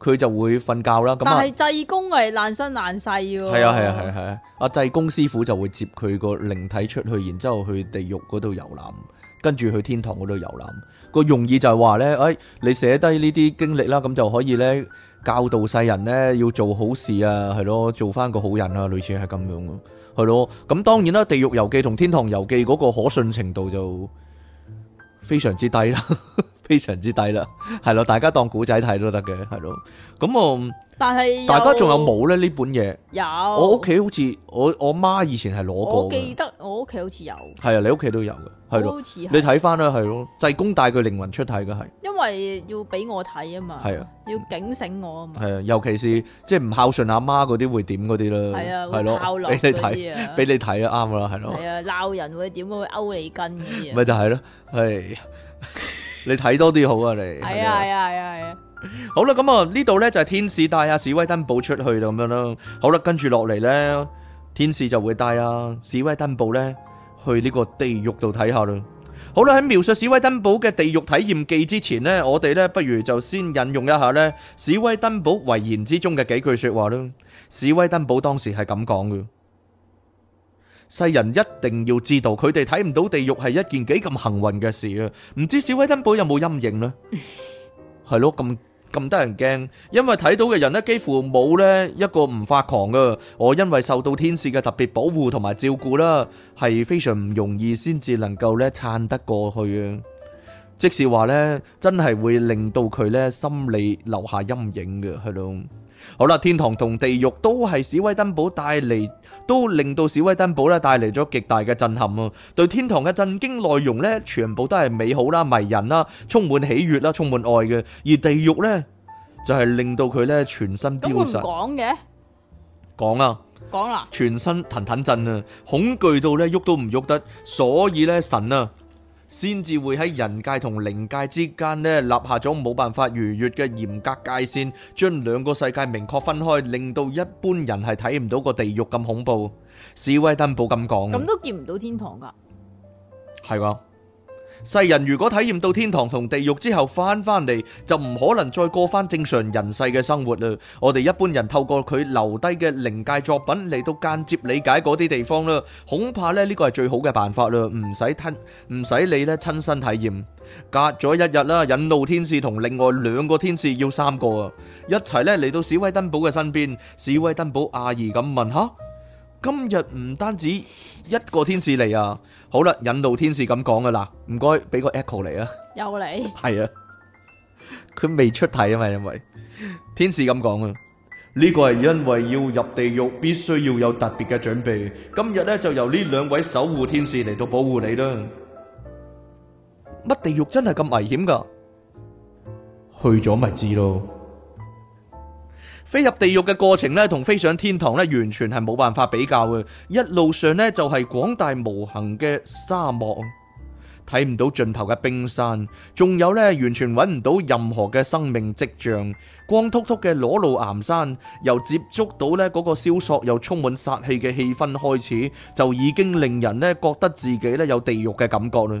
佢就會瞓覺啦，咁啊濟公係爛身爛世嘅，係啊係啊係係啊，阿濟公師傅就會接佢個靈體出去，然之後去地獄嗰度遊覽。跟住去天堂嗰度遊覽，個用意就係話呢：哎「誒你寫低呢啲經歷啦，咁就可以呢，教導世人呢，要做好事啊，係咯，做翻個好人啊，類似係咁樣咯，係咯，咁當然啦，地獄遊記同天堂遊記嗰個可信程度就非常之低啦。 非常之低啦，係咯，大家當古仔睇都得嘅，係咯。咁啊，但係大家仲有冇咧呢本嘢？有，我屋企好似我我媽以前係攞過。我記得我屋企好似有。係啊，你屋企都有嘅，係咯。你睇翻啦，係咯。濟公帶佢靈魂出體嘅係。因為要俾我睇啊嘛。係啊。要警醒我啊嘛。係啊，尤其是即係唔孝順阿媽嗰啲會點嗰啲啦。係啊。係咯。俾你睇，俾你睇啊，啱啦，係咯。係啊，鬧人會點會勾你筋啲啊？咪就係咯，係。你睇多啲好啊！你係啊係啊係啊係啊！好啦，咁啊呢度呢，就係天使帶阿、啊、史威登堡出去啦，咁樣咯、啊。好啦，跟住落嚟呢，天使就會帶阿、啊、史威登堡呢，去呢個地獄度睇下啦。好啦，喺描述史威登堡嘅地獄體驗記之前呢，我哋呢，不如就先引用一下呢史威登堡遺言之中嘅幾句說話啦。史威登堡當時係咁講嘅。世人一定要知道，佢哋睇唔到地獄係一件幾咁幸運嘅事啊！唔知小威登堡有冇陰影咧？係咯，咁咁得人驚，因為睇到嘅人咧，幾乎冇咧一個唔發狂噶。我因為受到天使嘅特別保護同埋照顧啦，係非常唔容易先至能夠咧撐得過去啊！即使話咧，真係會令到佢咧心理留下陰影嘅，係咯。好啦，天堂同地獄都係史威登堡帶嚟，都令到史威登堡咧帶嚟咗極大嘅震撼啊！對天堂嘅震驚內容呢，全部都係美好啦、迷人啦、充滿喜悦啦、充滿愛嘅；而地獄呢，就係、是、令到佢咧全身飆升。咁佢唔講嘅？講啊，講啦、啊，全身騰騰震啊，恐懼到呢，喐都唔喐得，所以呢，神啊！先至會喺人界同靈界之間呢，立下咗冇辦法逾越嘅嚴格界線，將兩個世界明確分開，令到一般人係睇唔到個地獄咁恐怖。史威登堡咁講，咁都見唔到天堂噶，係喎。世人如果體驗到天堂同地獄之後翻翻嚟，就唔可能再過翻正常人世嘅生活啦。我哋一般人透過佢留低嘅靈界作品嚟到間接理解嗰啲地方啦，恐怕咧呢個係最好嘅辦法啦，唔使親，唔使你咧親身體驗。隔咗一日啦，引路天使同另外兩個天使要三個啊一齊咧嚟到史威登堡嘅身邊。史威登堡訝異咁問：吓，今日唔單止一個天使嚟啊？好啦，引導天使咁講噶啦，唔該俾個 echo 嚟啊。又嚟，係啊，佢未出題啊嘛。因為天使咁講啊，呢個係因為要入地獄，必須要有特別嘅準備。今日咧就由呢兩位守護天使嚟到保護你啦。乜地獄真係咁危險噶？去咗咪知咯。飛入地獄嘅過程咧，同飛上天堂咧，完全係冇辦法比較嘅。一路上咧，就係廣大無垠嘅沙漠，睇唔到盡頭嘅冰山，仲有咧完全揾唔到任何嘅生命跡象，光禿禿嘅裸露岩山，由接觸到咧嗰個蕭索又充滿殺氣嘅氣氛開始，就已經令人咧覺得自己咧有地獄嘅感覺啦。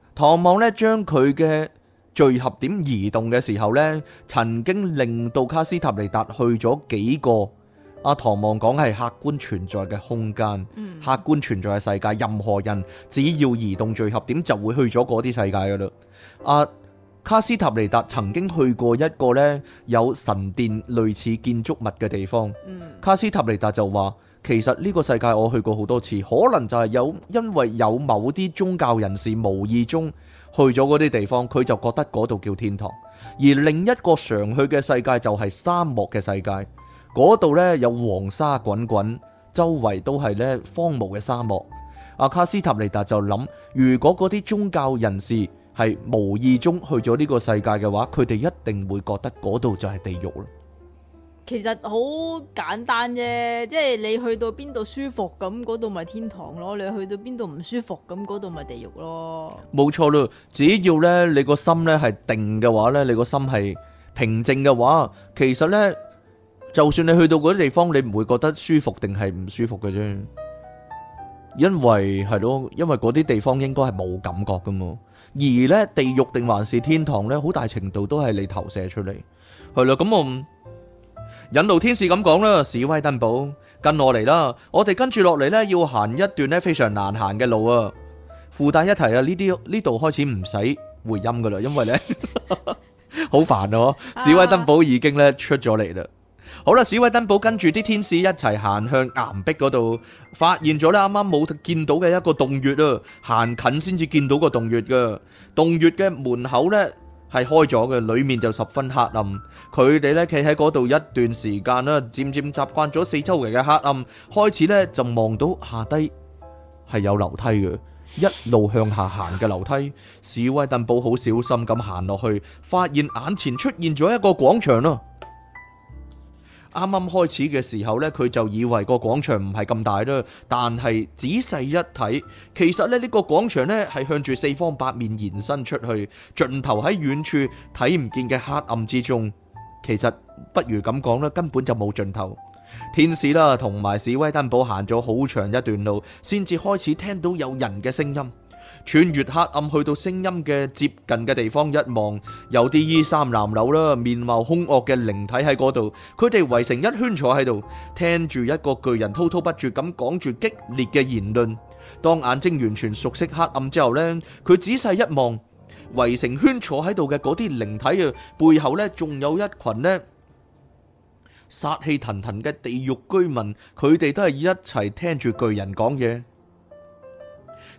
唐望咧將佢嘅聚合點移動嘅時候咧，曾經令到卡斯塔尼達去咗幾個。阿、啊、唐望講係客觀存在嘅空間，嗯、客觀存在嘅世界，任何人只要移動聚合點，就會去咗嗰啲世界噶啦。阿、啊、卡斯塔尼達曾經去過一個咧有神殿類似建築物嘅地方。嗯、卡斯塔尼達就話。其實呢個世界我去過好多次，可能就係有因為有某啲宗教人士無意中去咗嗰啲地方，佢就覺得嗰度叫天堂；而另一個常去嘅世界就係沙漠嘅世界，嗰度呢，有黃沙滾滾，周圍都係呢荒蕪嘅沙漠。阿卡斯塔尼達就諗，如果嗰啲宗教人士係無意中去咗呢個世界嘅話，佢哋一定會覺得嗰度就係地獄。其實好簡單啫，即係你去到邊度舒服咁，嗰度咪天堂咯；你去到邊度唔舒服咁，嗰度咪地獄咯。冇錯啦，只要咧你個心咧係定嘅話咧，你個心係平靜嘅話，其實咧就算你去到嗰啲地方，你唔會覺得舒服定係唔舒服嘅啫。因為係咯，因為嗰啲地方應該係冇感覺噶嘛。而咧地獄定還是天堂咧，好大程度都係你投射出嚟。係啦，咁我。引導天使咁講啦，史威登堡，跟我嚟啦！我哋跟住落嚟呢，要行一段咧非常難行嘅路啊！附帶一提啊，呢啲呢度開始唔使回音噶啦，因為呢， 好煩咯！啊、史威登堡已經呢，出咗嚟啦。好啦，史威登堡跟住啲天使一齊行向岩壁嗰度，發現咗呢，啱啱冇見到嘅一個洞穴啊！行近先至見到個洞穴噶，洞穴嘅門口呢，係開咗嘅，裏面就十分黑暗。佢哋咧企喺嗰度一段時間啦，漸漸習慣咗四周圍嘅黑暗，開始咧就望到下低係有樓梯嘅，一路向下行嘅樓梯。史威登堡好小心咁行落去，發現眼前出現咗一個廣場啦，啊。啱啱開始嘅時候呢，佢就以為個廣場唔係咁大啦，但係仔細一睇，其實咧呢個廣場呢係向住四方八面延伸出去，盡頭喺遠處睇唔見嘅黑暗之中。其實不如咁講啦，根本就冇盡頭。天使啦，同埋史威登堡行咗好長一段路，先至開始聽到有人嘅聲音。穿越黑暗去到聲音嘅接近嘅地方一望，有啲衣衫襤褸啦，面貌兇惡嘅靈體喺嗰度，佢哋圍成一圈坐喺度，聽住一個巨人滔滔不絕咁講住激烈嘅言論。當眼睛完全熟悉黑暗之後呢，佢仔細一望，圍成圈坐喺度嘅嗰啲靈體啊，背後呢，仲有一群呢殺氣騰騰嘅地獄居民，佢哋都係一齊聽住巨人講嘢。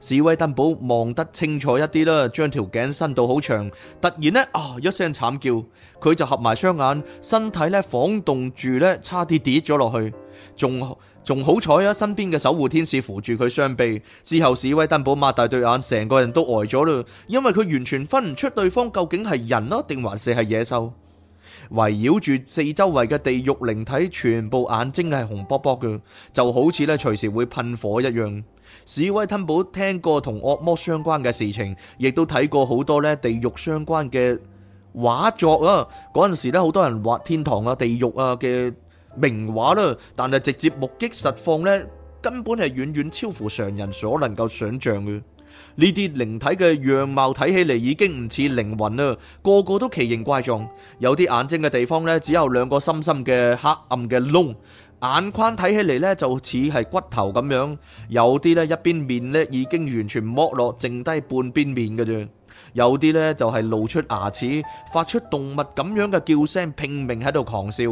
史威登堡望得清楚一啲啦，將條頸伸到好長，突然呢，啊一聲慘叫，佢就合埋雙眼，身體咧晃動住咧，差啲跌咗落去，仲仲好彩啊！身邊嘅守護天使扶住佢雙臂，之後史威登堡擘大對眼，成個人都呆咗啦，因為佢完全分唔出對方究竟係人咯，定還是係野獸。圍繞住四周圍嘅地獄靈體，全部眼睛係紅卜卜嘅，就好似咧隨時會噴火一樣。史威吞堡聽過同惡魔相關嘅事情，亦都睇過好多咧地獄相關嘅畫作啊！嗰陣時咧，好多人畫天堂啊、地獄啊嘅名畫啦。但係直接目擊實況咧，根本係遠遠超乎常人所能夠想象嘅。呢啲靈體嘅樣貌睇起嚟已經唔似靈魂啦，個個都奇形怪狀，有啲眼睛嘅地方咧，只有兩個深深嘅黑暗嘅窿。眼眶睇起嚟呢，就似係骨頭咁樣，有啲呢一邊面呢已經完全剝落，剩低半邊面嘅啫。有啲呢，就係露出牙齒，發出動物咁樣嘅叫聲，拼命喺度狂笑。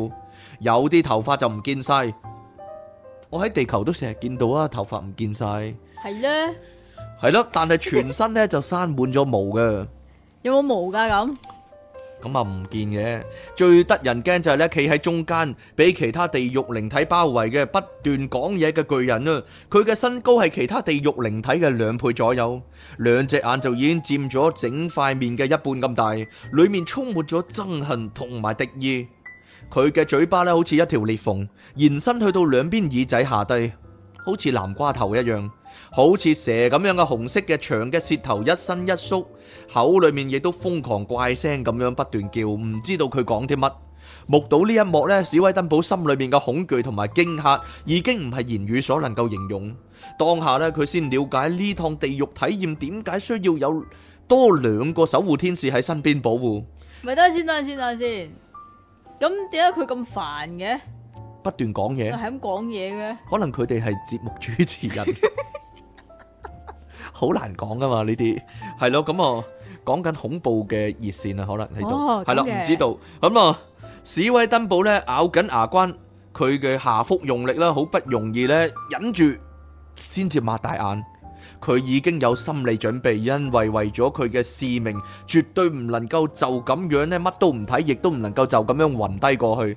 有啲頭髮就唔見晒，我喺地球都成日見到啊，頭髮唔見晒。係呢？係咯，但係全身呢就生滿咗毛嘅。 有冇毛噶咁？咁啊唔見嘅，最得人驚就係咧，企喺中間，俾其他地獄靈體包圍嘅，不斷講嘢嘅巨人啦。佢嘅身高係其他地獄靈體嘅兩倍左右，兩隻眼就已經佔咗整塊面嘅一半咁大，裏面充滿咗憎恨同埋敵意。佢嘅嘴巴咧，好似一條裂縫，延伸去到兩邊耳仔下低。好似南瓜頭一樣，好似蛇咁樣嘅紅色嘅長嘅舌頭一伸一縮，口裏面亦都瘋狂怪聲咁樣不斷叫，唔知道佢講啲乜。目睹呢一幕呢，史威登堡心裏面嘅恐懼同埋驚嚇，已經唔係言語所能夠形容。當下呢，佢先了解呢趟地獄體驗點解需要有多兩個守護天使喺身邊保護。咪得先，咪得先，得先，咁點解佢咁煩嘅？不斷講嘢，係咁講嘢嘅，可能佢哋係節目主持人，好難講噶嘛？呢啲係咯，咁啊，講緊恐怖嘅熱線啊，可能喺度，係啦，唔知道，咁啊，史威登堡咧咬緊牙關，佢嘅下腹用力啦，好不容易咧忍住，先至擘大眼，佢已經有心理準備，因為為咗佢嘅使命，絕對唔能夠就咁樣咧乜都唔睇，亦都唔能夠就咁樣暈低過去。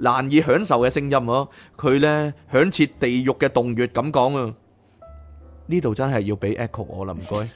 難以享受嘅聲音，佢呢響徹地獄嘅洞穴，咁講啊！呢度真係要俾 echo 我啦，唔該。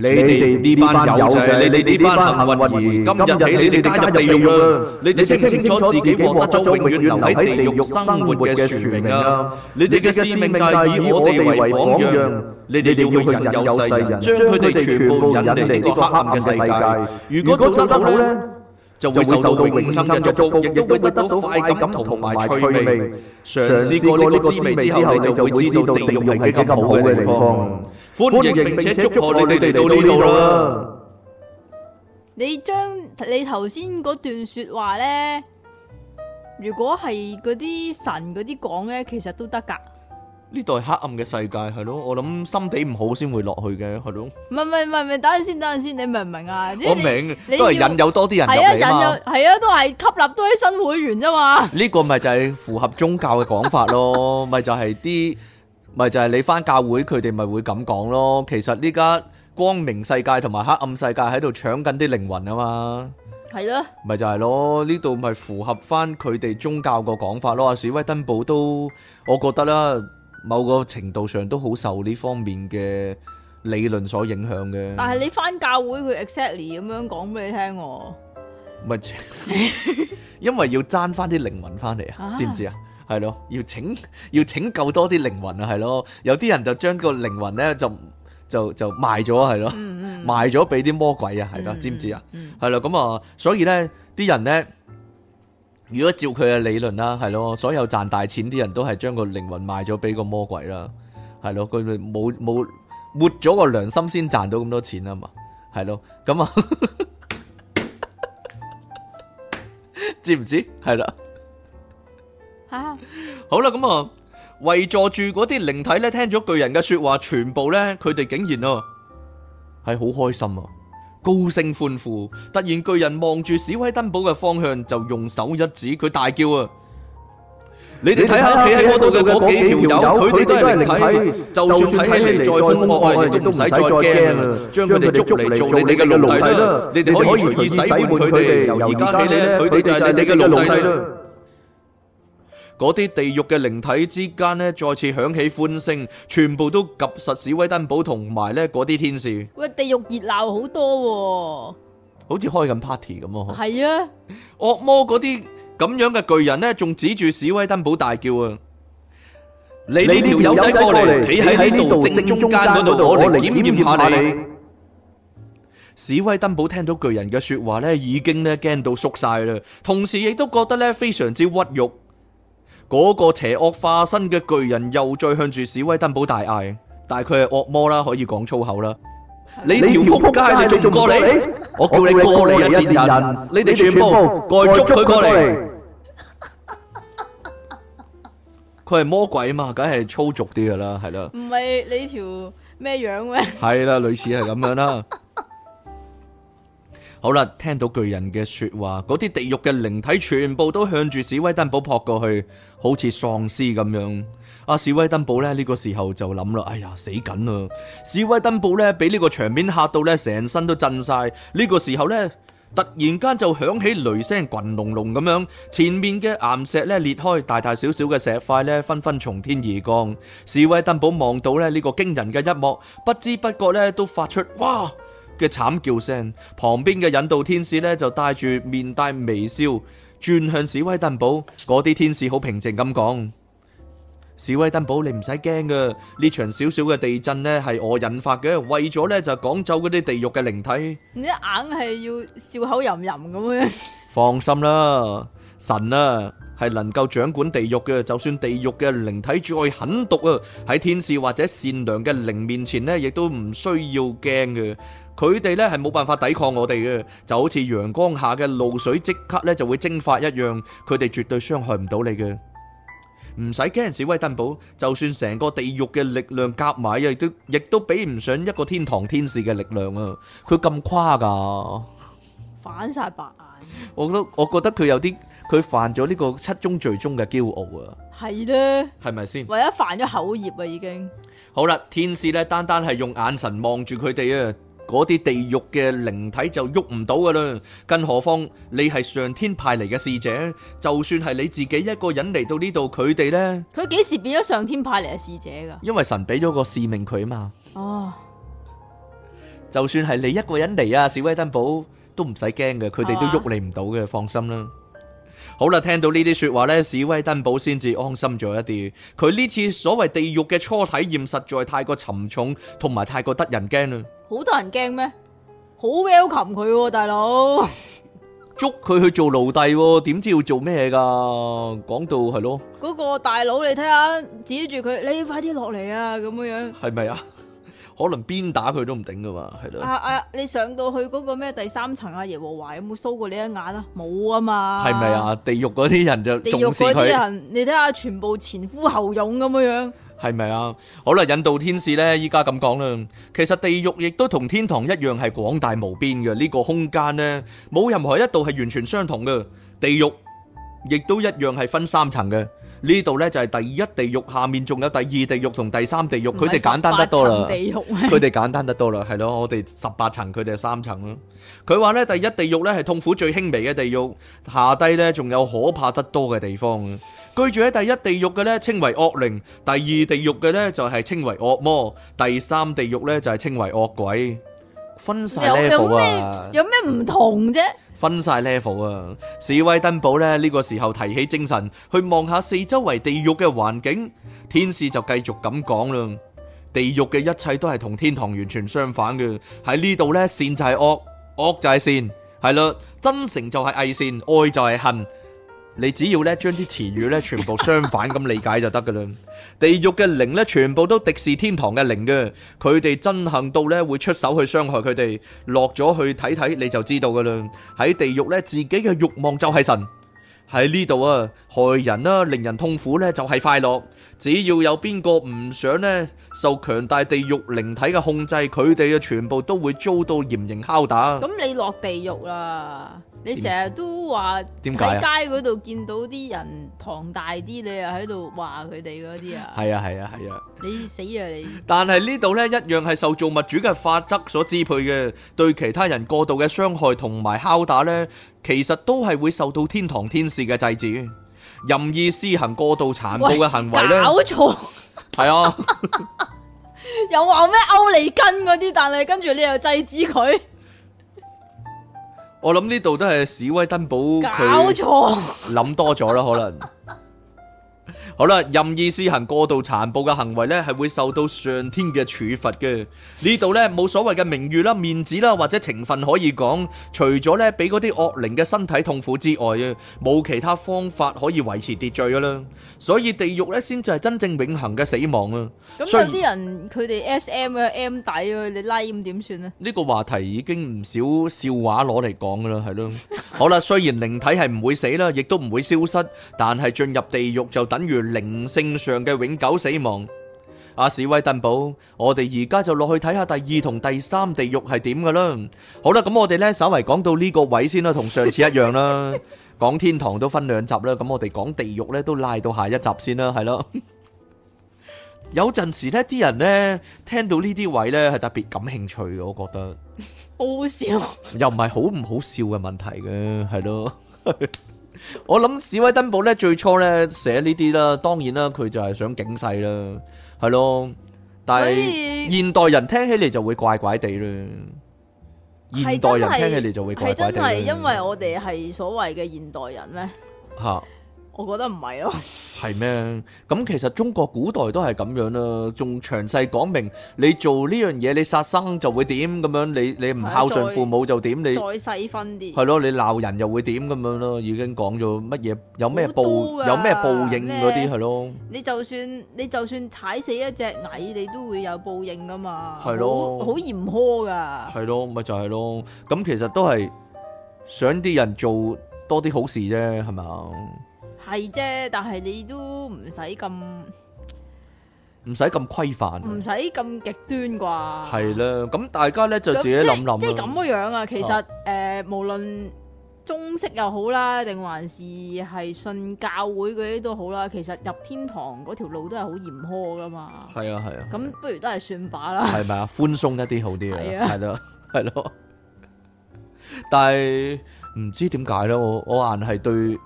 你哋呢班友仔，你哋呢班幸運兒，今日你哋加入地獄啦！你哋清唔清楚自己獲得咗永遠留喺地獄生活嘅殊榮啊！你哋嘅使命就係以我哋為榜樣，你哋要去引誘世人將佢哋全部引嚟呢個黑暗嘅世界。如果做得好呢？就會受到永生嘅祝福，亦都會得到快感同埋趣味。嘗試過呢個滋味之後，你就會知道地獄係幾咁好嘅地方。歡迎並且祝賀你哋到呢度啦！你將你頭先嗰段說話咧，如果係嗰啲神嗰啲講咧，其實都得噶。呢度係黑暗嘅世界，係咯？我諗心地唔好先會落去嘅，係咯？唔係唔係唔係，等陣先，等陣先，你明唔明啊？我明，都係引誘多啲人入嚟啊！係啊，引誘，係啊，都係吸納多啲新會員啫嘛。呢個咪就係符合宗教嘅講法咯，咪就係啲，咪就係你翻教會佢哋咪會咁講咯。其實呢家光明世界同埋黑暗世界喺度搶緊啲靈魂啊嘛，係咯，咪就係咯，呢度咪符合翻佢哋宗教個講法咯。阿史威登堡都，我覺得啦。某個程度上都好受呢方面嘅理論所影響嘅，但係你翻教會佢 exactly 咁樣講俾你聽喎，唔係，因為要爭翻啲靈魂翻嚟啊，知唔知啊？係咯，要拯要拯救多啲靈魂啊，係咯，有啲人就將個靈魂咧就就就賣咗係咯，嗯嗯賣咗俾啲魔鬼啊，係咯，嗯嗯知唔知啊？係咯，咁啊，所以咧啲人咧。如果照佢嘅理論啦，係咯，所有賺大錢啲人都係將個靈魂賣咗俾個魔鬼啦，係咯，佢冇冇抹咗個良心先賺到咁多錢啊嘛，係咯，咁啊，呵呵 知唔知？係啦，吓，好啦，咁啊，圍坐住嗰啲靈體咧，聽咗巨人嘅說話，全部咧，佢哋竟然啊，係好開心啊！高聲歡呼，突然巨人望住史威登堡嘅方向就用手一指，佢大叫啊！你哋睇下企喺嗰度嘅嗰幾條友，佢哋都係靈體，就算睇起嚟再恐怖，佢哋都唔使再驚啊！將佢哋捉嚟做你哋嘅奴隸啦，你哋可以隨意使喚佢哋，由而家起咧，佢哋就係你哋嘅奴隸啦。嗰啲地獄嘅靈體之間呢，再次響起歡聲，全部都及實史威登堡同埋呢嗰啲天使。喂，地獄熱鬧好多喎，好似開緊 party 咁啊！係啊，惡魔嗰啲咁樣嘅巨人呢，仲指住史威登堡大叫啊！你呢條友仔過嚟，企喺呢度正中間嗰度，我嚟檢驗下你。史威登堡聽到巨人嘅説話呢，已經呢驚到縮晒啦，同時亦都覺得呢非常之屈辱。嗰個邪惡化身嘅巨人又再向住史威登堡大嗌，但係佢係惡魔啦，可以講粗口啦。嗎你條扑街，你仲唔過嚟？我叫你過嚟啊，賤人！你哋全部過捉佢過嚟。佢係 魔鬼嘛，梗係粗俗啲噶啦，係啦。唔係你條咩樣咩？係 啦，類似係咁樣啦。好啦，聽到巨人嘅說話，嗰啲地獄嘅靈體全部都向住史威登堡撲過去，好似喪屍咁樣。阿史威登堡呢，呢個時候就諗啦，哎呀，死緊啊！史威登堡呢，俾、這個哎、呢個場面嚇到呢，成身都震晒。呢、這個時候呢，突然間就響起雷聲，轟隆隆咁樣，前面嘅岩石呢，裂開，大大小小嘅石塊呢，紛紛從天而降。史威登堡望到呢，呢、這個驚人嘅一幕，不知不覺呢，都發出哇。嘅慘叫聲，旁邊嘅引導天使咧就帶住面帶微笑轉向史威登堡，嗰啲 天使好平靜咁講： 史威登堡，你唔使驚嘅，呢場小小嘅地震呢係我引發嘅，為咗呢就趕走嗰啲地獄嘅靈體。你硬係要笑口吟吟咁樣？放心啦，神啊係能夠掌管地獄嘅，就算地獄嘅靈體再狠毒啊，喺天使或者善良嘅靈面前呢，亦都唔需要驚嘅。佢哋咧係冇辦法抵抗我哋嘅，就好似陽光下嘅露水即刻咧就會蒸發一樣，佢哋絕對傷害唔到你嘅。唔使驚，小威登堡，就算成個地獄嘅力量夾埋啊，亦都亦都比唔上一個天堂天使嘅力量啊！佢咁誇噶，反晒白眼。我覺得，我覺得佢有啲，佢犯咗呢個七宗罪中嘅驕傲啊！係咯，係咪先？為咗犯咗口業啊，已經好啦！天使咧，單單係用眼神望住佢哋啊！嗰啲地獄嘅靈體就喐唔到噶啦，更何況你係上天派嚟嘅使者，就算係你自己一個人嚟到呢度，佢哋呢，佢幾時變咗上天派嚟嘅使者噶？因為神俾咗個使命佢嘛。哦，就算係你一個人嚟啊，史威登堡都唔使驚嘅，佢哋都喐你唔到嘅，放心啦。好啦，聽到呢啲說話咧，史威登堡先至安心咗一啲。佢呢次所謂地獄嘅初體驗實在太過沉重，同埋太過得人驚啦。好得人驚咩？好 welcome 佢，大佬，捉佢 去做奴隸，點知要做咩噶？講到係咯，嗰個大佬你睇下，指住佢，你要快啲落嚟啊，咁樣樣係咪啊？可能邊打佢都唔頂噶嘛，係咯？啊啊！你上到去嗰個咩第三層，阿耶和華有冇掃過你一眼啊？冇啊嘛！係咪啊？地獄嗰啲人就重視佢，地獄嗰啲人，你睇下，全部前呼後擁咁樣。係咪啊？好啦，引導天使咧，依家咁講啦。其實地獄亦都同天堂一樣係廣大無邊嘅，呢個空間咧冇任何一度係完全相同嘅。地獄亦都一樣係分三層嘅。呢度呢就係第一地獄，下面仲有第二地獄同第三地獄，佢哋簡單得多啦。佢哋簡單得多啦，係咯，我哋十八層佢哋係三層咯。佢話呢第一地獄呢係痛苦最輕微嘅地獄，下低呢仲有可怕得多嘅地方。居住喺第一地獄嘅呢稱為惡靈，第二地獄嘅呢就係稱為惡魔，第三地獄呢就係稱為惡鬼。分晒 level 啊！有咩唔同啫？分晒 level 啊！史威登堡咧呢個時候提起精神去望下四周圍地獄嘅環境，天使就繼續咁講啦。地獄嘅一切都係同天堂完全相反嘅。喺呢度呢，善就係惡，惡就係善，係啦，真誠就係偽善，愛就係恨。你只要咧將啲詞語咧全部相反咁理解就得噶啦。地獄嘅靈咧全部都敵視天堂嘅靈嘅，佢哋憎恨到咧會出手去傷害佢哋。落咗去睇睇你就知道噶啦。喺地獄咧自己嘅慾望就係神，喺呢度啊，害人啦，令人痛苦咧就係快樂。只要有邊個唔想咧受強大地獄靈體嘅控制，佢哋嘅全部都會遭到嚴刑拷打。咁你落地獄啦。你成日都話點解喺街嗰度見到啲人龐大啲，你又喺度話佢哋嗰啲啊？係啊係啊係啊！啊你死啊你！但係呢度咧，一樣係受造物主嘅法則所支配嘅，對其他人過度嘅傷害同埋敲打咧，其實都係會受到天堂天使嘅制止，任意施行過度殘暴嘅行為咧。搞錯係啊！ 又話咩歐尼根嗰啲，但係跟住你又制止佢。我諗呢度都係史威登堡佢諗錯多咗啦，可能。 好啦，任意施行過度殘暴嘅行為咧，係會受到上天嘅處罰嘅。呢度咧冇所謂嘅名譽啦、面子啦或者情分可以講，除咗咧俾嗰啲惡靈嘅身體痛苦之外啊，冇其他方法可以維持秩序噶啦。所以地獄咧先至係真正永恒嘅死亡啊。咁有啲人佢哋 SM 嘅 M 底啊，你拉咁點算咧？呢個話題已經唔少笑話攞嚟講噶啦，係咯。好啦，雖然靈體係唔會死啦，亦都唔會消失，但係進入地獄就等於。靈性上嘅永久死亡，阿史威頓寶，我哋而家就落去睇下第二同第三地獄係點噶啦。好啦，咁我哋咧稍微講到呢個位先啦，同上次一樣啦，講天堂都分兩集啦，咁我哋講地獄咧都拉到下一集先啦，係咯。有陣時咧，啲人咧聽到呢啲位咧係特別感興趣嘅，我覺得好好笑，又唔係好唔好笑嘅問題嘅，係咯。我諗史威登堡咧最初咧寫呢啲啦，當然啦，佢就係想警世啦，係咯，但係現代人聽起嚟，就會怪怪地啦，現代人聽起嚟，就會怪怪地，係真係因為我哋係所謂嘅現代人咩吓？我覺得唔係咯，係咩？咁其實中國古代都係咁樣啦，仲詳細講明你做呢樣嘢，你殺生就會點咁樣，你你唔孝順父母就點，你再細分啲，係咯，你鬧人又會點咁樣咯，已經講咗乜嘢有咩報有咩報應嗰啲係咯。你就算你就算踩死一隻蟻，你都會有報應噶嘛，係咯，好好嚴苛噶。係咯，咪就係咯。咁其實都係想啲人做多啲好事啫，係咪啊？係啫，但係你都唔使咁唔使咁規範，唔使咁極端啩。係啦，咁大家咧就自己諗諗啦。即係咁嘅樣啊。其實誒，無論中式又好啦，定還是係信教會嗰啲都好啦。其實入天堂嗰條路都係好嚴苛噶嘛。係啊，係啊。咁不如都係算罷啦。係咪啊？寬鬆一啲好啲啊。係咯，係咯。但係唔知點解咯。我我硬係對。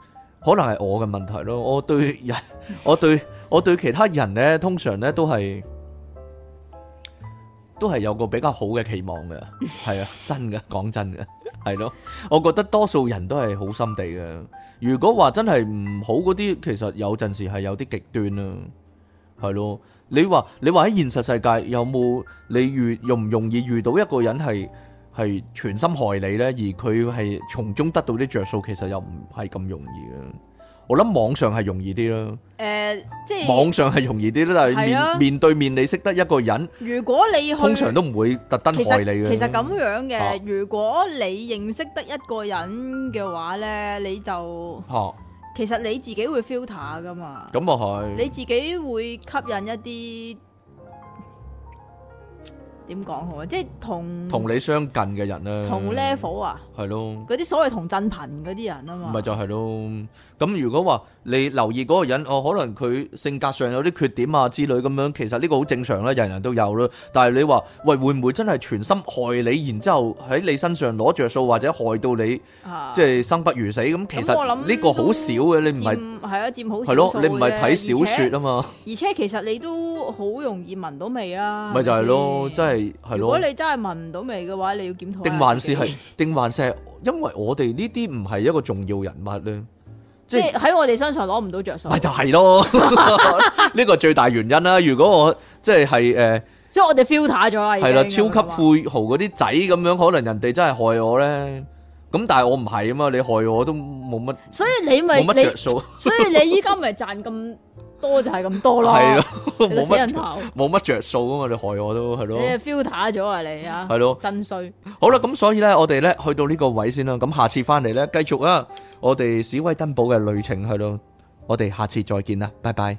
可能係我嘅問題咯，我對人，我對我對其他人咧，通常咧都係都係有個比較好嘅期望嘅。係啊，真嘅，講真嘅，係咯，我覺得多數人都係好心地嘅。如果話真係唔好嗰啲，其實有陣時係有啲極端啊，係咯。你話你話喺現實世界有冇你遇容唔容易遇到一個人係係全心害你咧，而佢係從中得到啲著數，其實又唔係咁容易嘅。我諗網上係容易啲咯，誒，即係網上係容易啲咯，但係面面對面你識得一個人，如果你通常都唔會特登害你嘅。其實咁樣嘅，如果你認識得一個人嘅話咧，你就，吓，其實你自己會 filter 噶嘛，咁啊係，你自己會吸引一啲。點講好啊？即係同同你相近嘅人咧，同 level 啊，係咯，嗰啲所謂同振頻嗰啲人啊嘛，咪就係咯。咁如果話你留意嗰個人，哦，可能佢性格上有啲缺點啊之類咁樣，其實呢個好正常啦，人人都有啦。但係你話喂，會唔會真係全心害你，然之後喺你身上攞着數或者害到你，的即係生不如死咁？其實呢個好少嘅，你唔係係啊，佔好少數嘅。係咯，你唔係睇小說啊嘛而。而且其實你都。 好容易聞到味啦，咪就係咯，真係係咯。如果你真係聞唔到味嘅話，你要檢討。定還是係，定還是係，因為我哋呢啲唔係一個重要人物咧，就是、即係喺我哋身上攞唔到着數。咪就係咯，呢個 最大原因啦。如果我即係係誒，即、呃、所以我哋 filter 咗啦，係啦的，超級富豪嗰啲仔咁樣，可能人哋真係害我咧。咁但係我唔係啊嘛，你害我都冇乜。所以你咪冇乜着數，所以你依家咪賺咁。多就係咁多啦，係咯，冇乜人頭，冇乜着數啊嘛，你害我都係咯，你 filter 咗啊你啊，係咯，真衰。好啦，咁所以咧，我哋咧去到呢個位先啦。咁下次翻嚟咧，繼續啊，我哋史威登堡嘅旅程去咯。我哋下次再見啦，拜拜。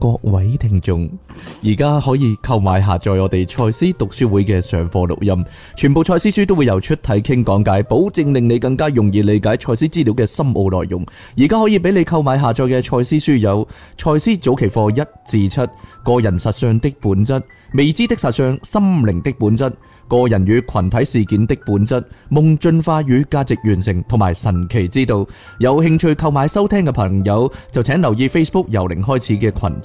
各位聽眾，而家可以購買下載我哋賽斯讀書會嘅上課錄音，全部賽斯書都會由出體傾講解，保證令你更加容易理解賽斯資料嘅深奧內容。而家可以俾你購買下載嘅賽斯書有《賽斯早期課一至七》、《個人實相的本質》、《未知的實相》、《心靈的本質》、《個人與群體事件的本質》、《夢進化與價值完成》同埋《神奇之道》。有興趣購買收聽嘅朋友就請留意 Facebook 由零開始嘅群。